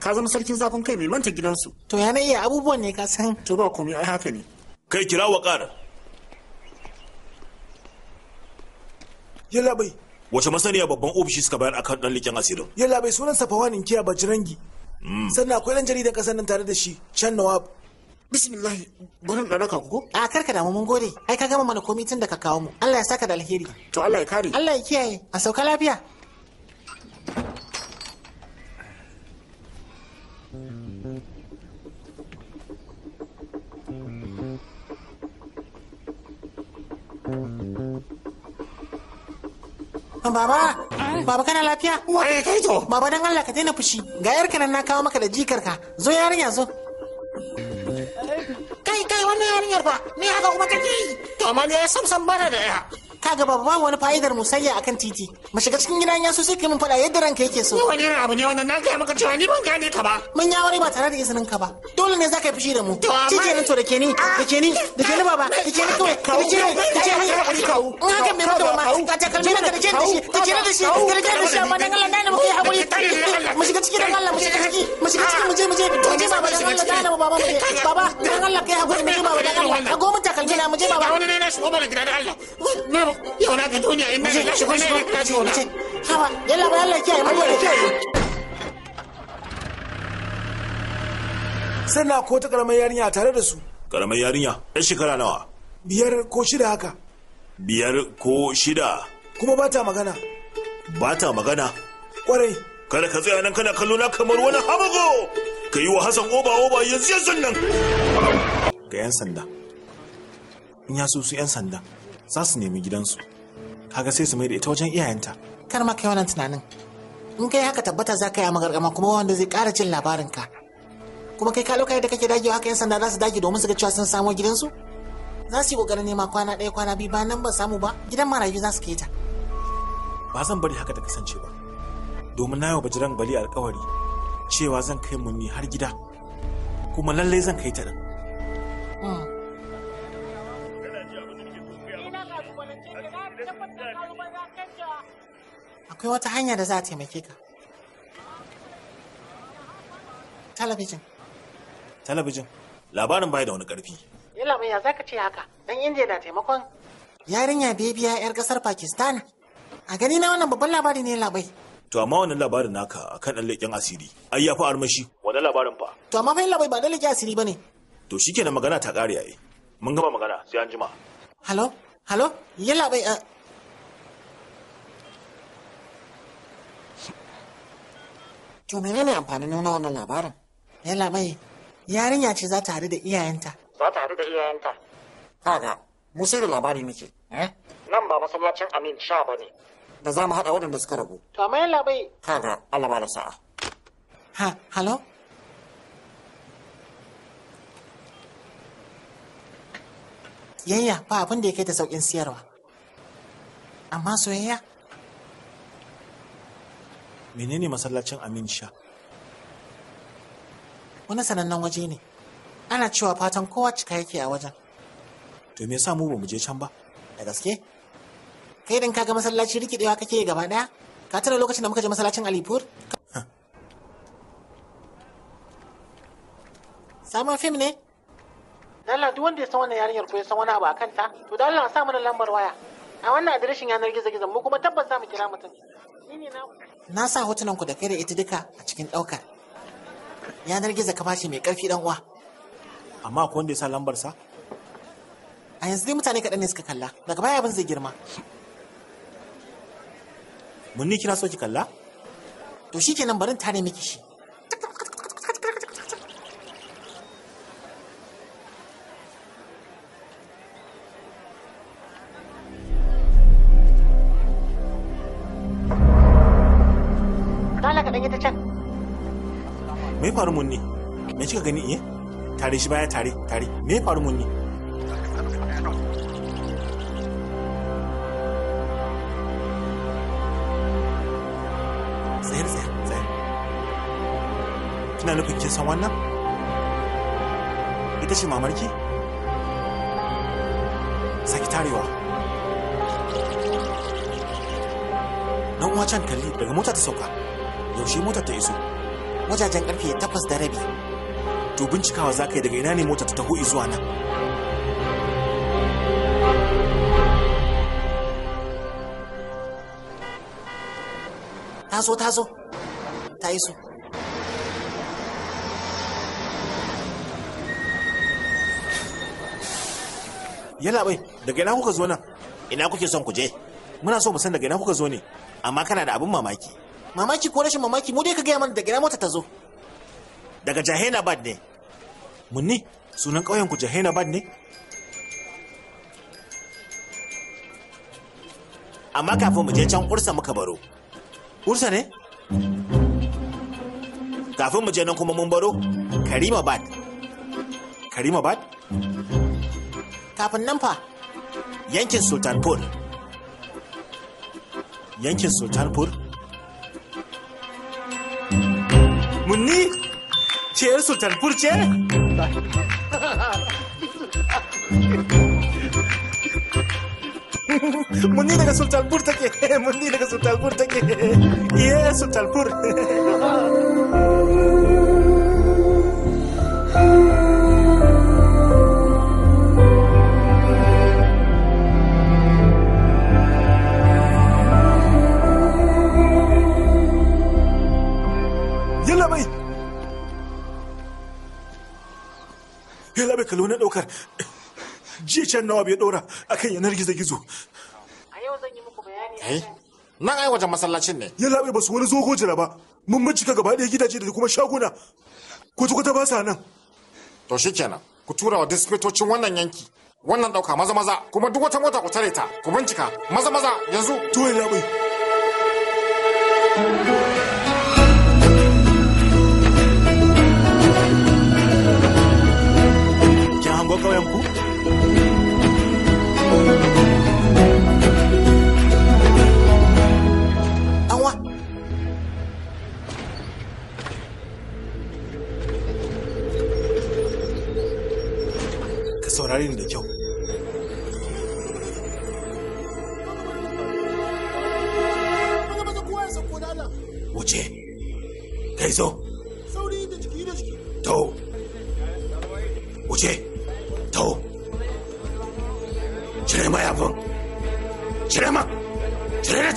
ka zama sarkin zafin kai mai manta gidansu to ya iya abubuwan ne ka san to ba komai ai haka ne kai kira wa ƙara yalla bai wace masaniya babban ofishi suka bayar akan dan likin asirin yalla bai sunan safawan inkiya bajirangi hmm. sannan akwai dan jaridan kasar nan tare da shi chan nawab bismillah gurin da raka ko a karka damu mun gode ai ka gama mana komai tun da ka kawo mu Allah ya saka da alheri to Allah ya kare Allah ya kiyaye a sauka lafiya Baba, baba kana lafiya? Waye kai to? Baba dan Allah ka daina fushi. Ga yarka nan na kawo maka da jikarka. Zo yarinya zo. yarinyar fa me haka kuma take yi to amma ne sam sam bana da ɗaya. kaga ba ba wani fa'idar musayya akan titi mu shiga cikin gidan ya so sai kai mun faɗa yadda ranka yake so wani irin abu ne wannan na gaya maka cewa ni ban gane ka ba mun ya wani ba tare da izinin ka ba dole ne za ka yi fushi da mu cije ni to da ke ni da ke ni da ke ni baba da ke ni kawai da ke ni da ke ni kawo in haka mai rubuta ma ka ta kalmi da ke ni da ke ni da ke ni da ke ni da ke ni da ke ke ni ni da da shi amma dan Allah dana mu kai hakuri mu shiga cikin dan Allah mu shiga ciki mu shiga ciki mu je mu je mu je baba dan Allah dana mu baba mu je baba dan Allah kai hakuri mu je baba dan Allah ka go mu takalmi na mu je baba wani ne na shigo mana gidan Allah yau na ga duniya in mai na shigo shigo na shigo na hawa yalla ba ya kiyaye mai yalla sai na ko ta karamar yarinya tare da su karamar yarinya ya shekara nawa biyar ko shida haka biyar ko shida kuma ba ta magana ba ta magana kwarai kada ka tsaya nan kana kallo na kamar wani hamago. ka yi wa hassan oba oba yanzu yanzu nan ga 'yan sanda in ya su 'yan sanda za su nemi gidansu kaga sai su mai da ita wajen iyayenta kar ma kai wannan tunanin in kai haka tabbata za ka yi magargama kuma wanda zai ƙara jin ka kuma kai ka lokacin da kake dagewa haka yan sanda za su dage domin su ga cewa sun samo gidansu za su yi ƙoƙarin nema kwana ɗaya kwana biyu ba nan ba samu ba gidan marayu za su kai ta ba zan bari haka ta kasance ba domin na yi wa bajiran bali alƙawari, cewa zan kai munni har gida kuma lallai zan kai ta ɗin Akwai wata hanya da za a taimake ka. Talabijin. Talabijin. Labarin bai da wani ƙarfi. Yalla mai ya zaka ce haka? Dan Indiya na taimakon. Yarinya bebiya 'yar ƙasar Pakistan. A gani na wannan babban labari ne labai. To amma wannan labarin naka akan ɗan leƙen asiri. Ai ya fa armashi. wani labarin fa. To amma fa labai ba ɗan leƙen asiri bane. To shikenan magana ta ƙare yayi. Mun gama magana sai an jima. Halo? Halo? Yalla bai eh, to menene amfanin nuna wannan labarin Yalla mai yarinya ce za ta haɗu da iyayenta za ta haɗu da iyayenta kaga mu sai da labari muke eh? nan ba masallacin amin sha ba ne da za mu haɗa waɗanda suka rabu to amma yalla bai kaga Allah ba da sa'a ha halo yayya ba abin da ya kai ta saukin siyarwa amma soyayya menene masallacin amin sha wani sanannen waje ne ana cewa fatan kowa cika yake a wajen to me sa mu ba mu je can ba da gaske kai din kaga masallaci rikidewa kake gaba daya ka tana lokacin da muka je masallacin alipur samun fim ne Allah duk wanda ya san wannan yarinyar ko ya san wani abu akan ta to da Allah sa mana lambar waya a wannan adireshin yanar gizo-gizo mu kuma tabbas za mu kira mutum na sa hotunan ku da kai da ita duka a cikin ɗaukar yanar gizo ka bashi mai ƙarfi dan uwa amma akwai wanda ya sa lambar sa a yanzu dai mutane kaɗan ne suka kalla daga baya abin zai girma mun ni kira so ki kalla to shikenan barin tare miki shi me faru mun ne me kika gani eh tare shi baya tare tare me faru mun ne tsayar tsayar tsayar kina nufin kin san wannan ita ce mamarki saki tarewa dan uwa can kalli daga mota ta sauka yaushe mota ta iso wajajen karfe takwas da rabi to bincikawa za ka yi daga ina ne mota ta taho zuwa nan ta zo ta zo ta so. yalla bai daga ina kuka zo nan ina kuke son ku je muna so mu san daga ina kuka zo ne amma kana da abin mamaki mamaki ko rashin mamaki mu dai ka gaya mana gina mota ta zo daga jahenabad ne munni sunan ƙauyen ku jahenabad ne amma kafin mu je can ursa muka baro ursa ne kafin mu je nan kuma mun baro karima bad karima bad kafin nan fa yankin sultanpur yankin sultanpur Munni చేస్తుంటాను కూర్చే ಮುಂದಿನ ಸುಲ್ತಾಲ್ಪುರ್ ತಕ್ಕೆ ಮುಂದಿನ ಸುಲ್ತಾಲ್ಪುರ್ ತಕ್ಕೆ ಏ Sultanpur kalo na ɗaukar jiya can nawa bai ɗora akan yanar gizo-gizo a yau zan yi muku bayani eh? nan ai wajen masallacin ne ya labe ba su wani zogo jira ba mun bincika gaba daya gidaje da kuma shaguna kwata-kwata ba sa nan to kenan ku tura wa dispatocin wannan yanki wannan ɗauka maza-maza kuma duk wata mota ku tare ta ku bincika maza-maza yanzu to ya laɓe shigo ƙauyen ku? Awa! Ka saurari ni da kyau. Wuce, kai zo. To, wuce. Tavuk. Çırema yapın. Çırema. Çırema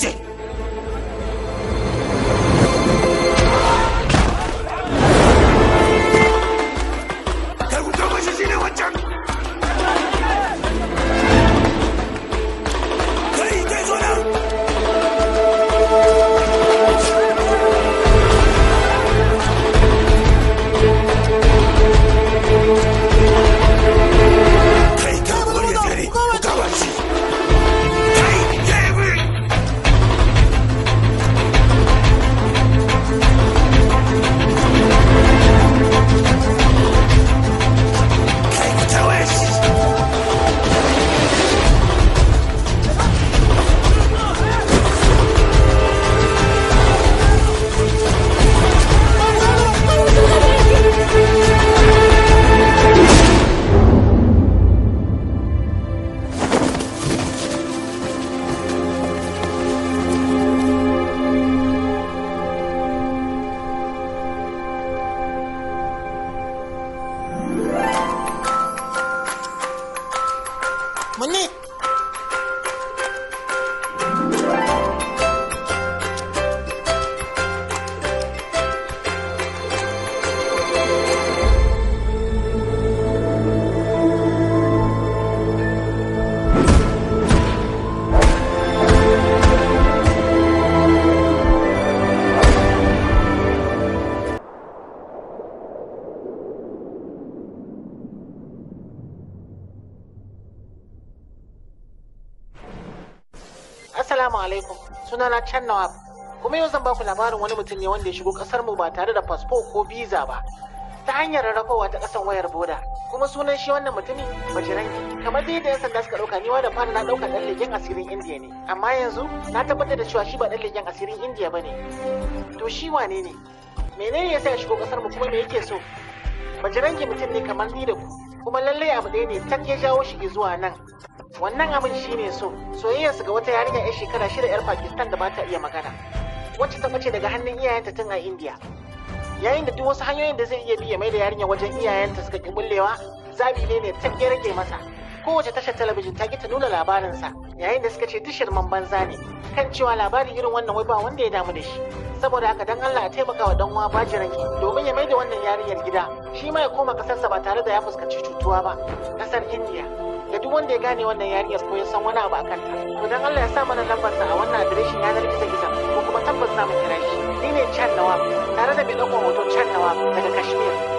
Can Nawab. Kuma yau zan baku labarin wani mutum ne wanda ya shigo kasar mu ba tare da fasfo ko biza ba. Ta hanyar rarrafawa ta kasan wayar boda. Kuma sunan shi wannan mutumin Bajirangi. Kamar dai da 'yan sanda suka ɗauka ni da fara na ɗauka ɗan leken asirin Indiya ne. Amma yanzu na tabbatar da cewa shi ba ɗan leken asirin Indiya ba ne. To shi wane ne? Menene ya ya shigo kasar mu kuma me yake so? bajirangi mutum ne kamar ni da ku kuma lallai abu ɗaya ne tak ya jawo shi zuwa nan wannan abin shi ne so soyayyarsa ga wata yarinya 'yar shekara shida 'yar pakistan da ba ta iya magana wacce ta ɓace daga hannun iyayenta tun a India? yayin da duk wasu hanyoyin da zai iya biya ya mai yarinya wajen iyayenta suka ƙi bullewa zabi ne ne tak ya rage masa kowace tashar talabijin ta ta nuna labarinsa yayin da suka ce man banza ne kan cewa labarin irin wannan wai ba wanda ya damu da shi saboda haka dan Allah ya taimaka wa dan uwa bajiraki domin ya maida wannan yarinyar gida shi ma ya koma kasarsa ba tare da ya fuskanci cutuwa ba kasar Indiya, da duk wanda ya gane wannan yarinyar ko ya san wani abu a kanta? to dan Allah ya sa mana lambarsa a wannan adireshin yanar gizo gizo ko kuma tabbas za mu kira shi ni ne Chan Nawab tare da bi dauko hoto Chan Nawab daga Kashmir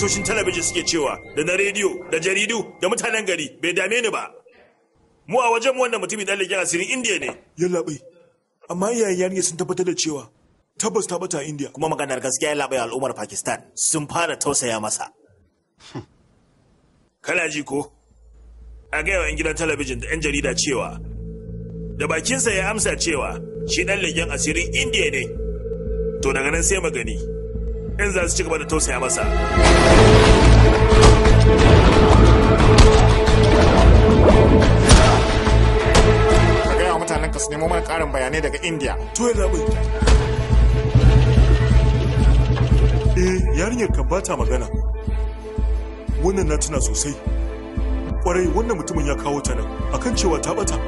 tashoshin talabijin suke cewa da na rediyo da jaridu da mutanen gari bai dame ni ba mu a wajen wannan mutumin ɗan leken asirin indiya ne yalla bai amma yayin yarinya sun tabbatar da cewa tabbas ta bata indiya kuma maganar gaskiya yalla bai al'ummar pakistan sun fara tausaya masa kana ji ko a gaya wa gidan talabijin da 'yan jarida cewa da bakinsa ya amsa cewa shi ɗan leken asirin indiya ne to daga nan sai magani in za su ci gaba da tausaya masa ka gaya wa mutanen ka su nemo mana karin bayanai daga india to zaɓi eh yarinyar kan bata magana wannan na tuna sosai kwarai wannan mutumin ya kawo ta nan akan cewa ta bata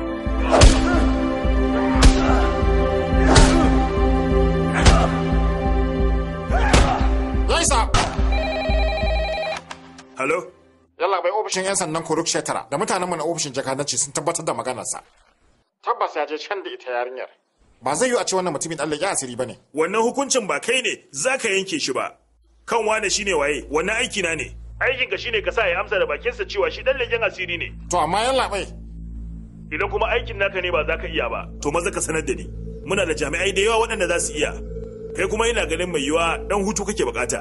Faisa! Hello? Yalla bai ofishin 'yan sandan Kuruk Shetara da mutanenmu na ofishin jakadanci sun tabbatar da maganarsa. Tabbas ya je can da ita yarinyar. Ba zai yi a ce wannan mutumin Allah ya asiri ba ne. Wannan hukuncin ba kai ne za ka yanke shi ba. Kan wane shi waye, wannan aiki na ne. Aikin ka shine ka sa ya amsa da bakinsa cewa shi dan leken asiri ne. To amma yalla bai. Idan kuma aikin naka ne ba za ka iya ba, to maza ka sanar da ni. Muna da jami'ai da yawa waɗanda za su iya. kai kuma ina ganin mai yiwa dan hutu kake bukata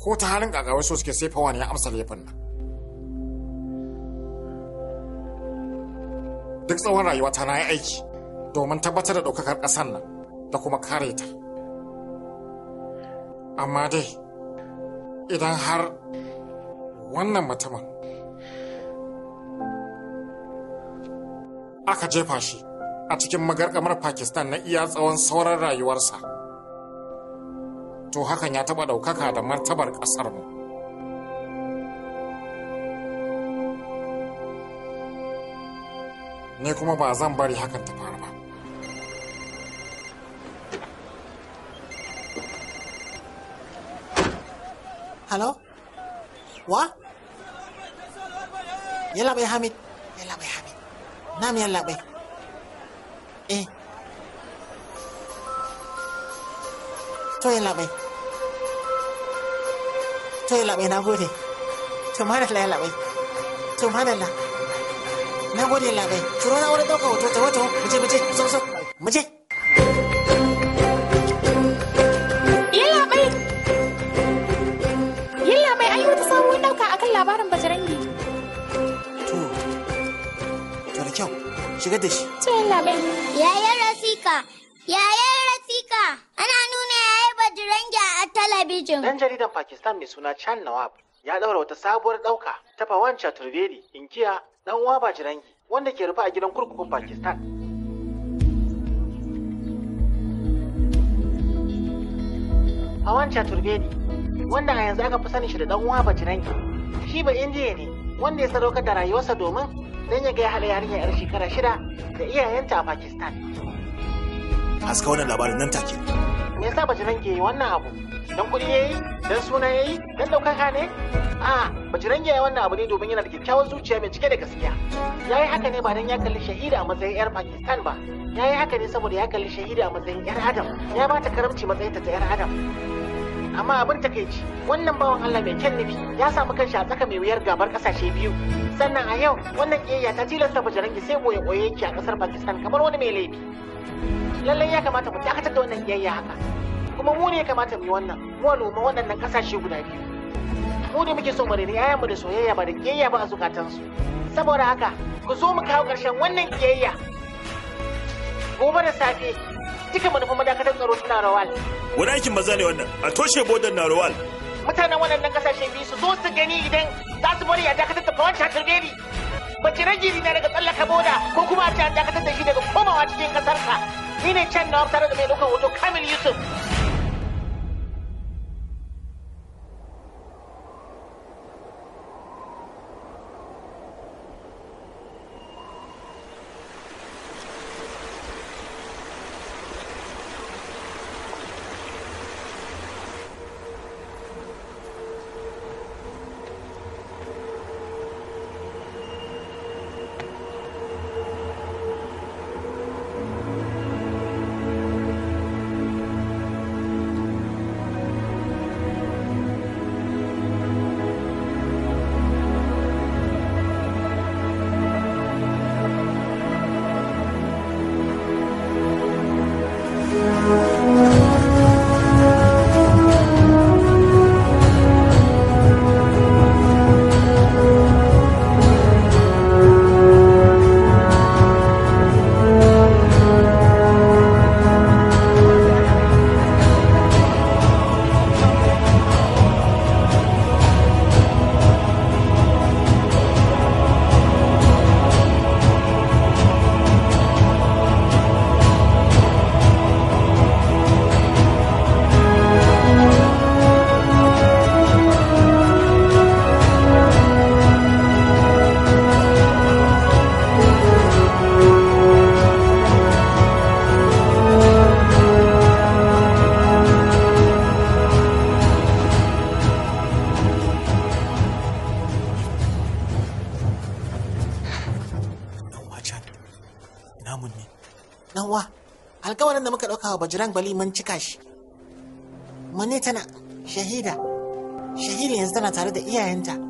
ko ta halin gagawar so suke wa ne ya amsa laifin nan duk tsawon rayuwata na yi aiki domin tabbatar da ɗaukakar ƙasar nan da kuma kare ta amma dai idan har wannan mutumin aka jefa shi a cikin magarkamar pakistan na iya tsawon sauran rayuwarsa to hakan ya taɓa ɗaukaka da martabar ƙasarmu mu ni kuma ba zan bari hakan ta faru ba hello வா எல்லா la to shiga da shi yayan rasika yayan rasika ana nuna yayi badirangi a talabijin Ɗan jaridan pakistan mai suna chan nawab ya ɗaura wata sabuwar ɗauka ta fawanca Chaturvedi, inkiya dan uwa bajirangi wanda ke rufe a gidan kurkukun pakistan Hawanca Chaturvedi, wanda a yanzu aka fi sanin shi da dan uwa Bajirangi, shi ba indiya ne wanda ya sadaukar da rayuwarsa domin nan ya ga hala yarinya yar shekara shida da iyayenta a Pakistan. Haska wannan labarin nan take. Me yasa bajiran ke wannan abu? Don kuɗi ya yi? Don suna ya yi? Don ɗaukaka ne? A bajiran ya yi wannan abu ne domin yana da kyakkyawar zuciya mai cike da gaskiya. Ya yi haka ne ba don ya kalli shahida a matsayin 'yar Pakistan ba. Ya yi haka ne saboda ya kalli shahida a matsayin 'yar Adam. Ya ba ta karamci matsayinta ta 'yar Adam. amma abin takaici wannan bawan Allah mai kyan nufi ya samu kanshi a tsaka mai wuyar gabar kasashe biyu sannan a yau wannan kiyayya ta tilasta baje-rangi sai boye boye yake a kasar Pakistan kamar wani mai laifi lallai ya kamata mu dakatar da wannan kiyayya haka kuma mu ne ya kamata mu yi wannan mu al'umma waɗannan kasashe guda biyu mu ne muke so mu rene mu da soyayya ba da kiyayya ba a zukatansu saboda haka ku zo mu kawo ƙarshen wannan kiyayya gobe da safe cikin manufan madakatar tsaro ta rawal. Wani aikin maza ne wannan a toshe bodan rawal. Mutanen waɗannan kasashe biyu su zo su gani idan za su bari a dakatar da fawanci hatar ba Bace rage na daga tsallaka boda ko kuma a ce an dakatar da shi daga komawa cikin ƙasarsa. Ni ne can na wata da mai ɗaukar hoto Kamil Yusuf. jiran gwali mun cika shi mane tana shahida shahida yanzu tana tare da iyayenta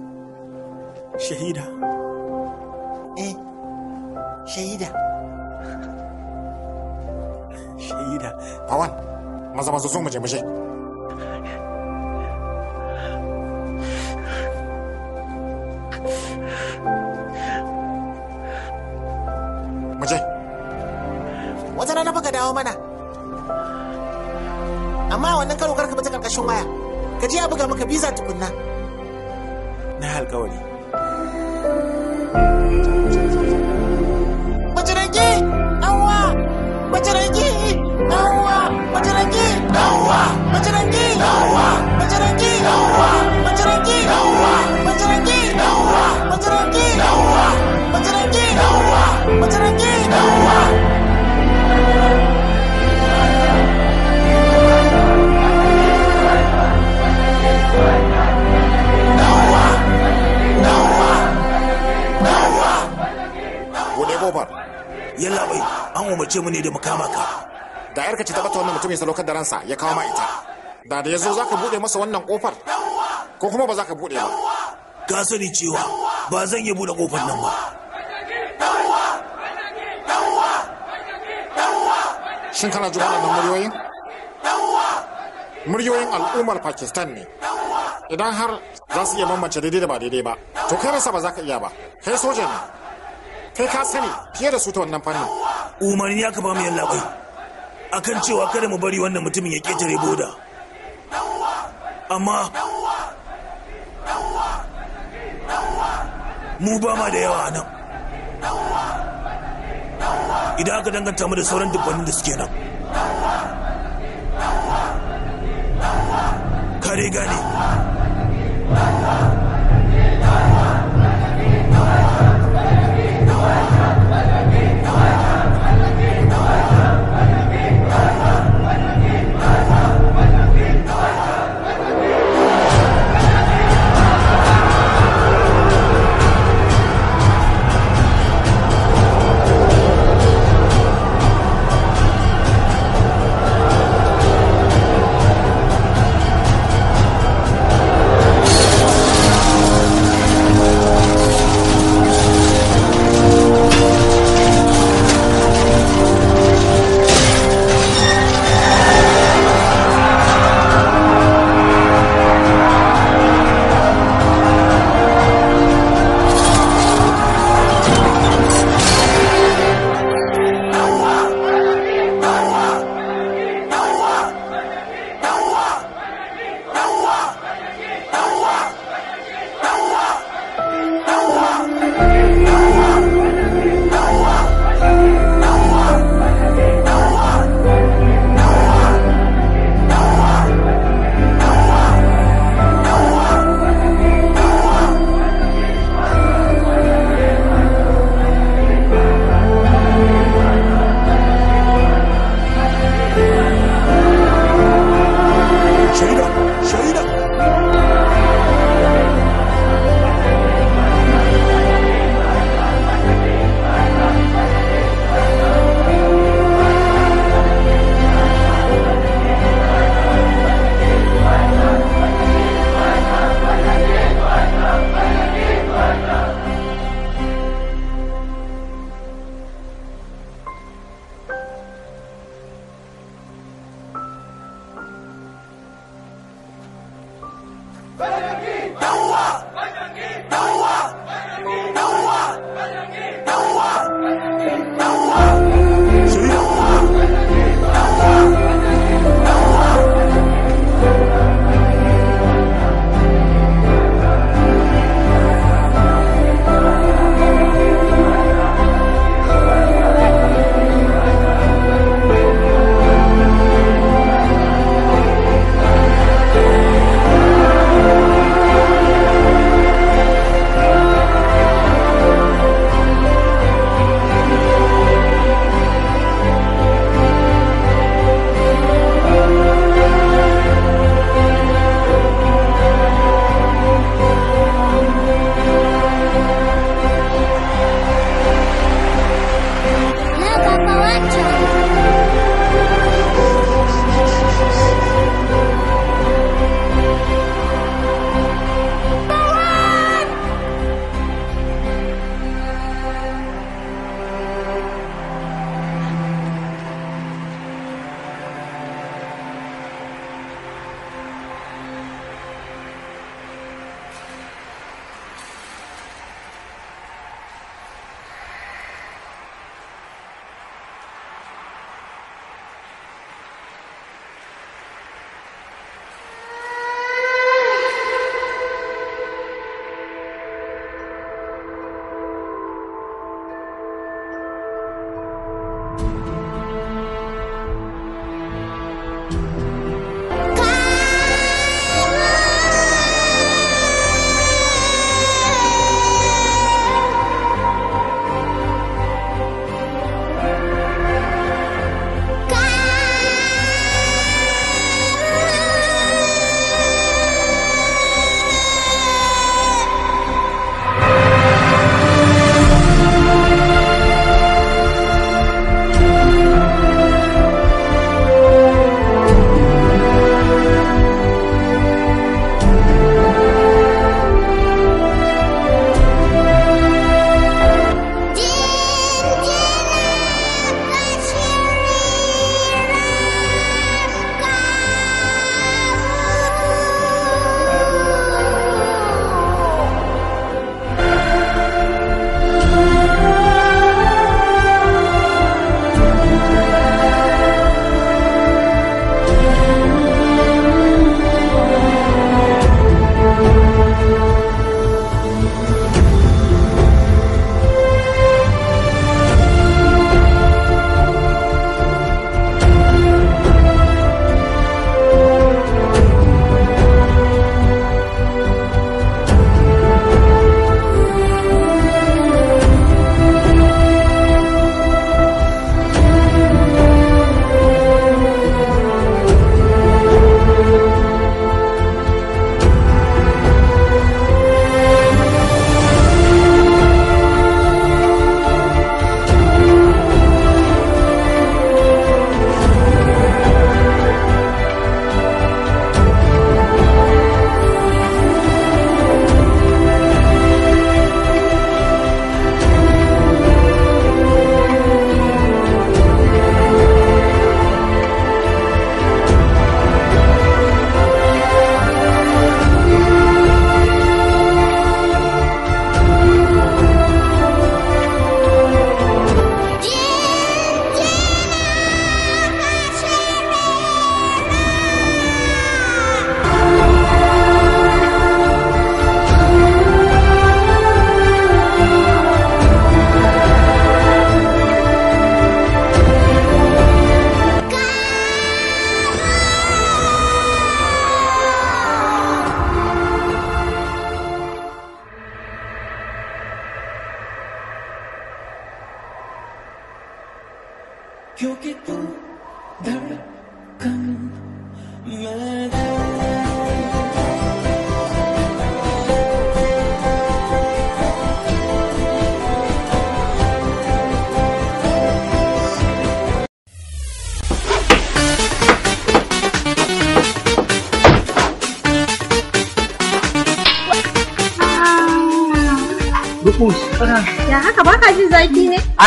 ne da makama ka da yarka ce ta bata wannan mutumin salokar da ransa ya kawo ma ita da da yazo zaka bude masa wannan kofar ko kuma ba zaka bude ba ka sani cewa ba zan iya bude kofar nan ba shin kana jin waɗannan muryoyin muryoyin al'ummar pakistan ne idan har za su iya bambance daidai da ba daidai ba to kai rasa ba za ka iya ba kai soja ne kai ka sani fiye da su ta wannan fannin umarni ya ba mu yalla bai akan cewa kada mu bari wannan mutumin ya ketare boda amma mu ba ma da yawa nan idan aka danganta mu da sauran dubbanin da suke nan kare gane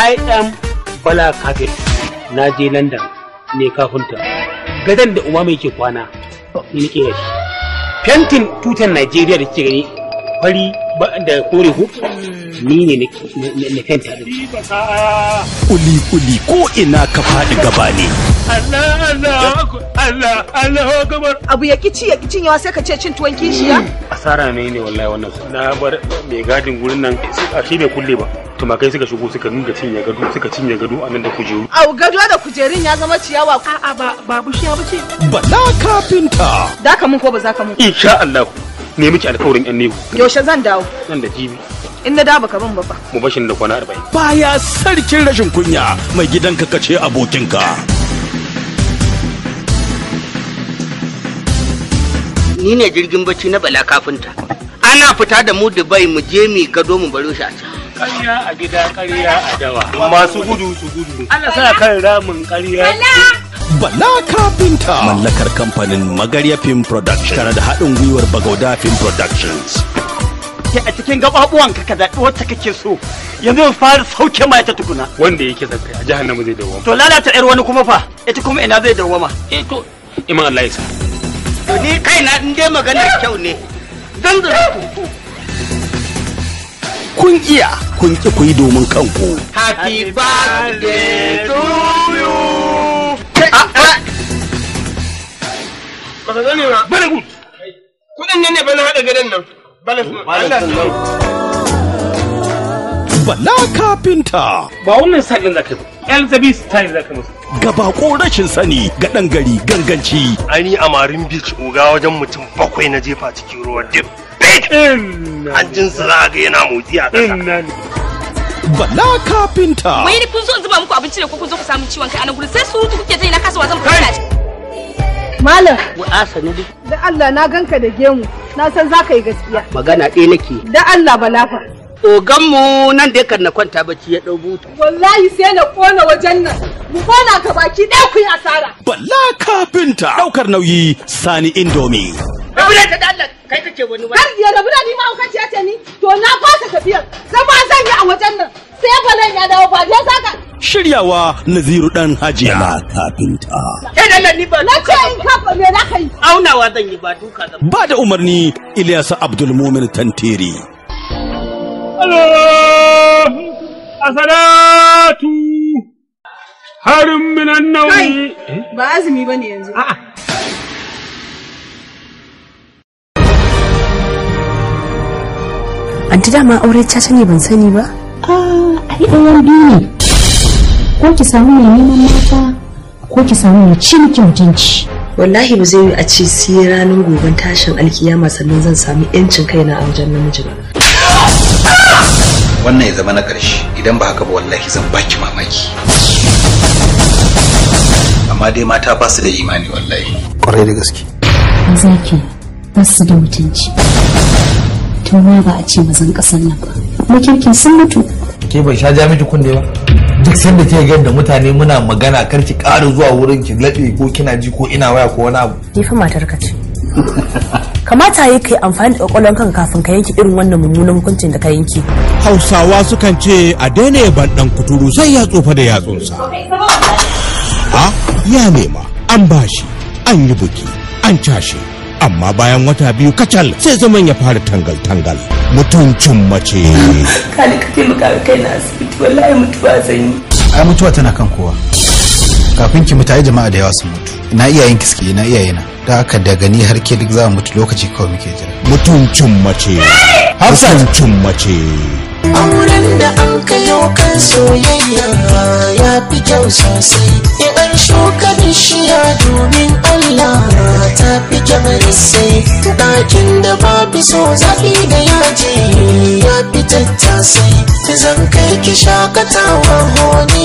I am Bala Kafin. Na je London ne kafinta. Gadon da uba mai ke kwana ni nake shi. Fentin tutan Najeriya da ke gani fari da kore ku ni ne na fenta da Kuli kuli ko ina ka faɗi gaba ne. Allah Allah Allah Allah gabar abu ya kici ya kicin yawa sai ka ce cin tuwon kishiya asara ne ne wallahi wannan na bar mai gadin gurin nan a shi bai kulle ba tumakai suka shigo suka nunga cinye gado suka cinye gado a nan da kujeru au gado da kujerun ya zama ciyawa a'a ba ba bushiya bace bala kafinta da ka mun ko ba za ka mun insha Allah ne miki alƙawarin yan nehu yaushe zan dawo nan da jibi in na da baka ban ba fa mu bashin da kwana 40 baya sarkin rashin kunya mai gidanka kace abokinka ni ne jirgin bacci na bala kafinta ana fita da mu dubai mu je mu gado mu baro shi a can ƙarya a gida ƙarya a dawa masu gudu su gudu ana sa kan ramin ƙarya Bala Kafinta mallakar kamfanin Magarya Film Production tare da haɗin gwiwar Bagauda Film Productions. Ke a cikin gababuwan ka zaɓi wacce kake so yanzu fara sauke ma ta tukuna. Wanda yake zakai a jihar namu zai dawoma. To lalata ƴar wani kuma fa ita kuma ina zai dawoma. Eh to Iman Allah ya sa. ni kaina in dai maganar kyau ne zan kun iya kun ki ku yi domin kanku happy birthday to you ah, ah. baka gane ba bane gut kudin ne ne bana hada gadan nan bala kafinta ba wannan sallin zakai ba Elizabeth style zaka musu. Ga bako rashin sani ga ɗan gari ganganci. Ani a Marin Beach oga wajen mutum bakwai na jefa cikin ruwan dip. Hanjin su za ga yana motsi a ƙasa. Bala kafinta. Wai ni kun zo zuba muku abinci da kun zo ku samu ciwon kai a nan gurin sai surutu kuke ta na kasawa zan fara. Malam. Wa asanu dai. Da Allah na ganka da gemu. Na san za yi gaskiya. Magana ɗaya nake. Da Allah balafa. oganmu nan da yakan na kwanta bacci ya ɗau buta. Wallahi sai na kona wajen nan, mu ƙona ka baki ɗaya ku yi asara. Balla kafinta ɗaukar nauyi sani indomi. Rabina ta Allah, kai kake wani wani. Har rabina ni ma auka ce ni, to na fasa tafiyar, ba zan yi a wajen nan. Sai gwanan ya dawo ba je saka. Shiryawa Naziru ɗan Hajiya. Balla kafinta. Kai dallar ni ba Na ce in kafa me na kai. Aunawa zan yi ba duka Ba da umarni Ilyasa Abdulmumin Tantiri. Asalatu harin minan nauyi. Ba azumi ba ne yanzu. Anti dama aure caca ne ban sani ba? Ah, ai ɗayan wani ne. Ko ki samu mai neman mata ko ki samu mai ci miki mutunci. wallahi ba zai yi a ce sai ranar goben tashin alkiyama sannan zan sami 'yancin kaina a wajen namiji ba wannan ya zama na ƙarshe idan ba haka ba wallahi zan baki mamaki amma dai mata ba su da imani wallahi ƙwarai da gaske zaki ba su da mutunci to ma ba a ce mazan ƙasar nan ba makirkin sun mutu ke bai sha Jami miki kunne ba duk sanda ke gan da mutane muna magana kar ki ƙara zuwa wurin ki laɗe ko kina ji ko ina waya ko wani abu ni fa matar ka ce kamata yi kai amfani da kwakwalwar kan kafin ka yanke irin wannan mummunan hukuncin da ka yanke hausawa sukan ce a daina ban kuturu sai ya tsofa da yatsunsa a ya nema an bashi an yi buki an cashe amma bayan wata biyu kacal sai zaman ya fara tangal-tangal mutuncin mace kali ka taimaka kai na asibiti wallahi mutuwa zan yi Ai mutuwa tana kan kowa kafin ki mutu ai jama'a da yawa sun mutu ina iyayen ki suke na iyayena da aka daga ni har ke duk za mu mutu lokaci kawai muke jira mutuncin mace cin mace auren da an kayo kan soyayya ya fi kyau sosai shuka bishiya domin Allah ta fi jamari sai ɗakin da fi so zafi da yaji ya fi tattasai ta zan kai ki shakatawa honi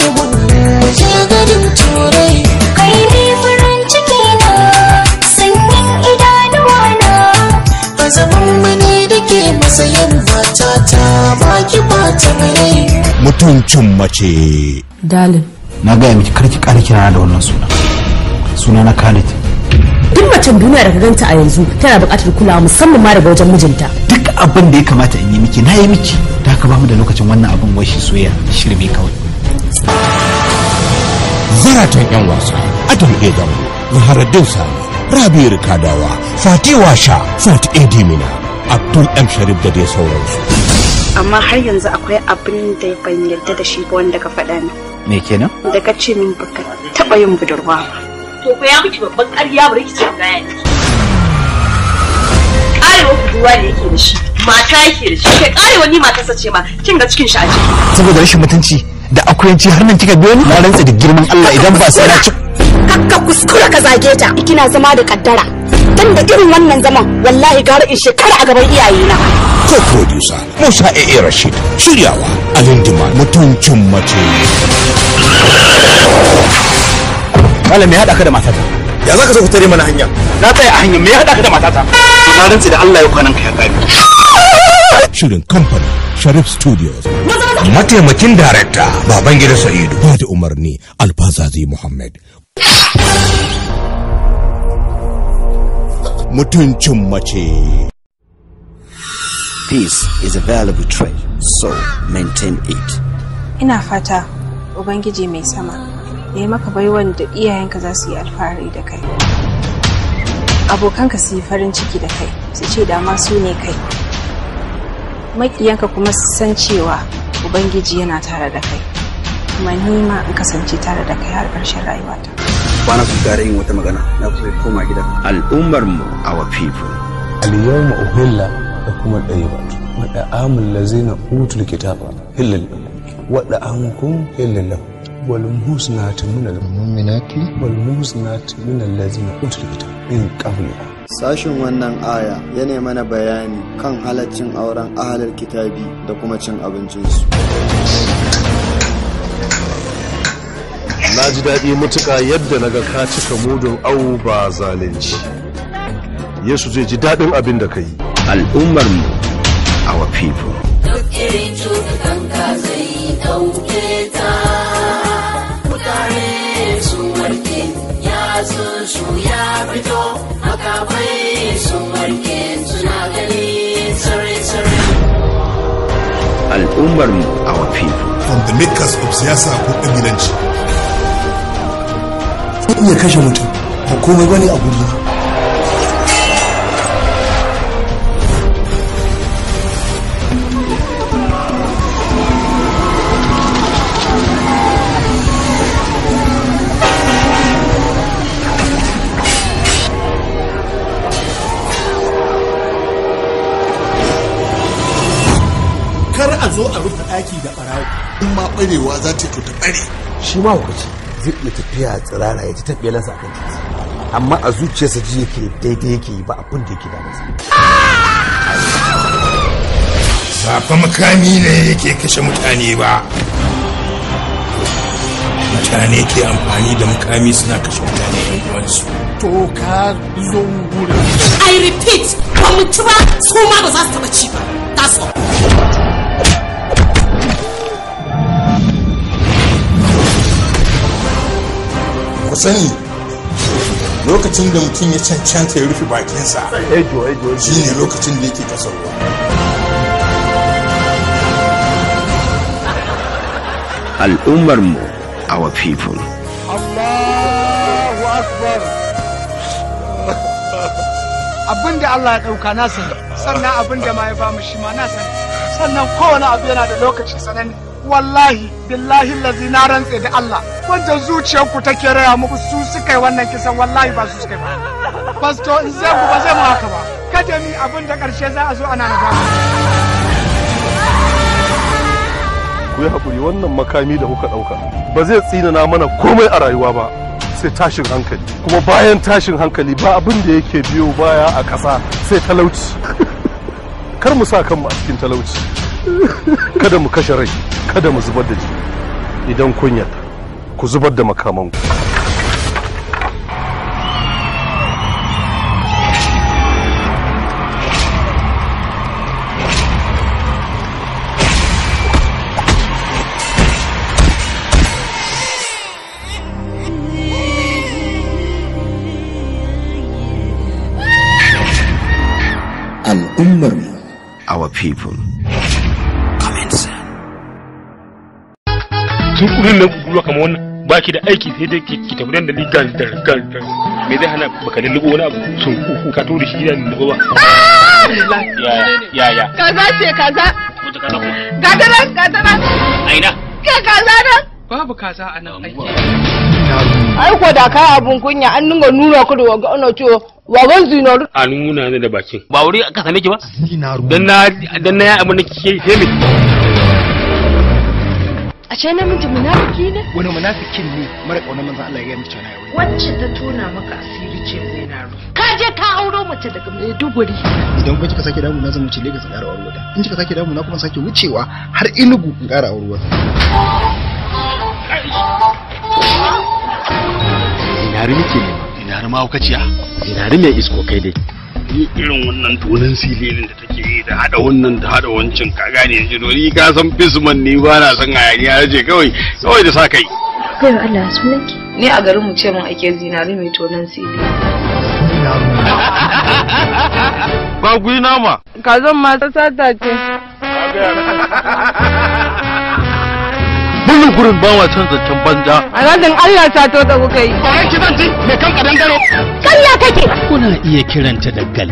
je garin turai kai ne farin ciki na sanyin idanuwa na a zaman mani da ke matsayin ta, baki bata mai mutuncin mace dalin na gaya miki karki kara kirana da wannan suna suna na Khalid duk macen duniya da ka ganta a yanzu tana buƙatar kulawa musamman ma daga wajen mijinta duk abin da ya kamata in yi miki na yi miki da ka bamu da lokacin wannan abin wai shi soyayya shirme kawai zaratan yan wasa adam edam zahara sani rabi'u rikadawa Fati washa fat edimina abdul m sharif da dai sauransu amma har yanzu akwai abin da ban yarda da shi ba wanda ka faɗa ni me kenan da ka ce min baka taba yin budurwa to ku ya miki babban ƙarya bari ki ce gaya ne karewa budurwa ne yake da shi mata yake da shi kai ƙare wani mata sace ma kin ga cikin shi a ciki saboda rashin mutunci da akuyanci har nan kika biyo ni na rantsa da girman Allah idan ba sai na ci kakka kuskura ka zage ta kina zama da kaddara dan da irin wannan zaman wallahi gara in shekara a gaban iyayena ko producer Musa A.A. Rashid shiryawa alin dima mutuncin mace malam me haɗa ka da matata ya za ka so ku tare mana hanya na tsaye a hanyar mai haɗa ka da matata na rantsi da Allah ya kwanan ka ya kare shirin kamfani sharif studios mataimakin darekta babangida sa'idu ba da umarni alfazazi muhammad mutuncin mace Peace is a valuable trait, so maintain it. Ina fata Ubangiji mai sama ya yi maka baiwan da iyayenka za su yi alfahari da kai. Abokanka su yi farin ciki da kai, su ce dama su ne kai. Maƙiyanka kuma su san cewa Ubangiji yana tare da kai. Kuma ni ma in kasance tare da kai har ƙarshen rayuwata. Bana su gara yin wata magana, na kuma koma gida. Al'ummar mu, our people. Al-yawma da kuma ba wadda amin na utul kitaba hillal wadda an kun hillal lahu wal musnat min al mu'minati wal musnat na allazina utul kitaba min qablikum Sashin wannan aya yana mana bayani kan halaccin auren ahalar kitabi da kuma cin abincinsu. Na ji daɗi mutuka yadda na ga ka cika mudun au ba zalunci. Yesu zai ji daɗin abin da ka yi. al'ummar mu our people ya fito makamai sun al'ummar mu our people from the makers of siyasa ko kabilanci iya kashe mutum ba komai bane a gudu in ma barewa za ta to ta bare shi ma hukaci zai iya tafiya tsirara ya ci tafiya sa kan titi amma a zuciyarsa ji yake daidai yake ba abin da yake da masa zafa makami ne yake kashe mutane ba mutane ke amfani da makami suna kashe mutane yan uwansu to ka zo i repeat ba mutu su ma ba za su taba ci ba that's all sani lokacin da mutum ya cancanta ya rufe bakinsa shi ne lokacin da yake kasar ruwa al'ummarmu our people Allahu abin da Allah ya ɗauka na sani sannan abin da ma ya ba mu shi ma na sani sannan kowane abu yana da lokaci sananne wallahi billahi lazi na rantse da Allah zuciyar ku take raya muku su suka yi wannan kisan wallahi ba su suka yi ba pastor in zai ku ba zai mu haka ba kada ni abin da karshe za a zo ana nadama ku yi hakuri wannan makami da kuka ɗauka ba zai tsinana mana komai a rayuwa ba sai tashin hankali kuma bayan tashin hankali ba abin da yake biyo baya a ƙasa sai talauci kar mu sa kanmu a cikin talauci kada mu kashe rai kada mu zubar da jini idan kunya ku zubar da makamanku al'ummarmu our people. Come in Tukurin na guguwa kamar wannan ba ki da aiki sai dai ki tafi dan da ni Me zai hana baka lullubo wani abu sun kuku ka tori shi gidan lullubo Ya Ya ya. Kaza ce kaza. Gadaran gadaran. Aina. Ka kaza nan. babu kaza a nan ake ai ko da kai abun kunya an nuna nuna ku da wanga ana cewa ban zinaru a nuna ne da bakin ba wuri aka same ki ba zinaru dan na dan na ya abun da kike yi a ce na miji munafiki ne wani munafikin ne mara kauna manzon Allah ya mace na yau wacce ta tona maka asiri ce zinaru ka je ka auro mace daga duguri idan kuma kika sake damu na zan wuce Lagos ga ƙara aure in kika sake damu na kuma sake wucewa har Enugu in ƙara aure Zinari nake nema. Zinari ma hukaciya? Zinari mai isko kai dai. Ni irin wannan tonin sililin da take yi da hada wannan da hada wancan ka gane yanzu to ni ka san fisman ni ba na san hayaniya ce kawai kawai da sa kai. Kai Allah sunan Ni a garin mu ce mun ake zinari mai tonin silili. Ba gwi nama. Kazan ma ta sata ce. wannan gurin ba wa can zancen banza a radin Allah ta to da kuka yi kwanan ki zanci mai kan kadan gano. kalla kake kuna iya kiranta da gal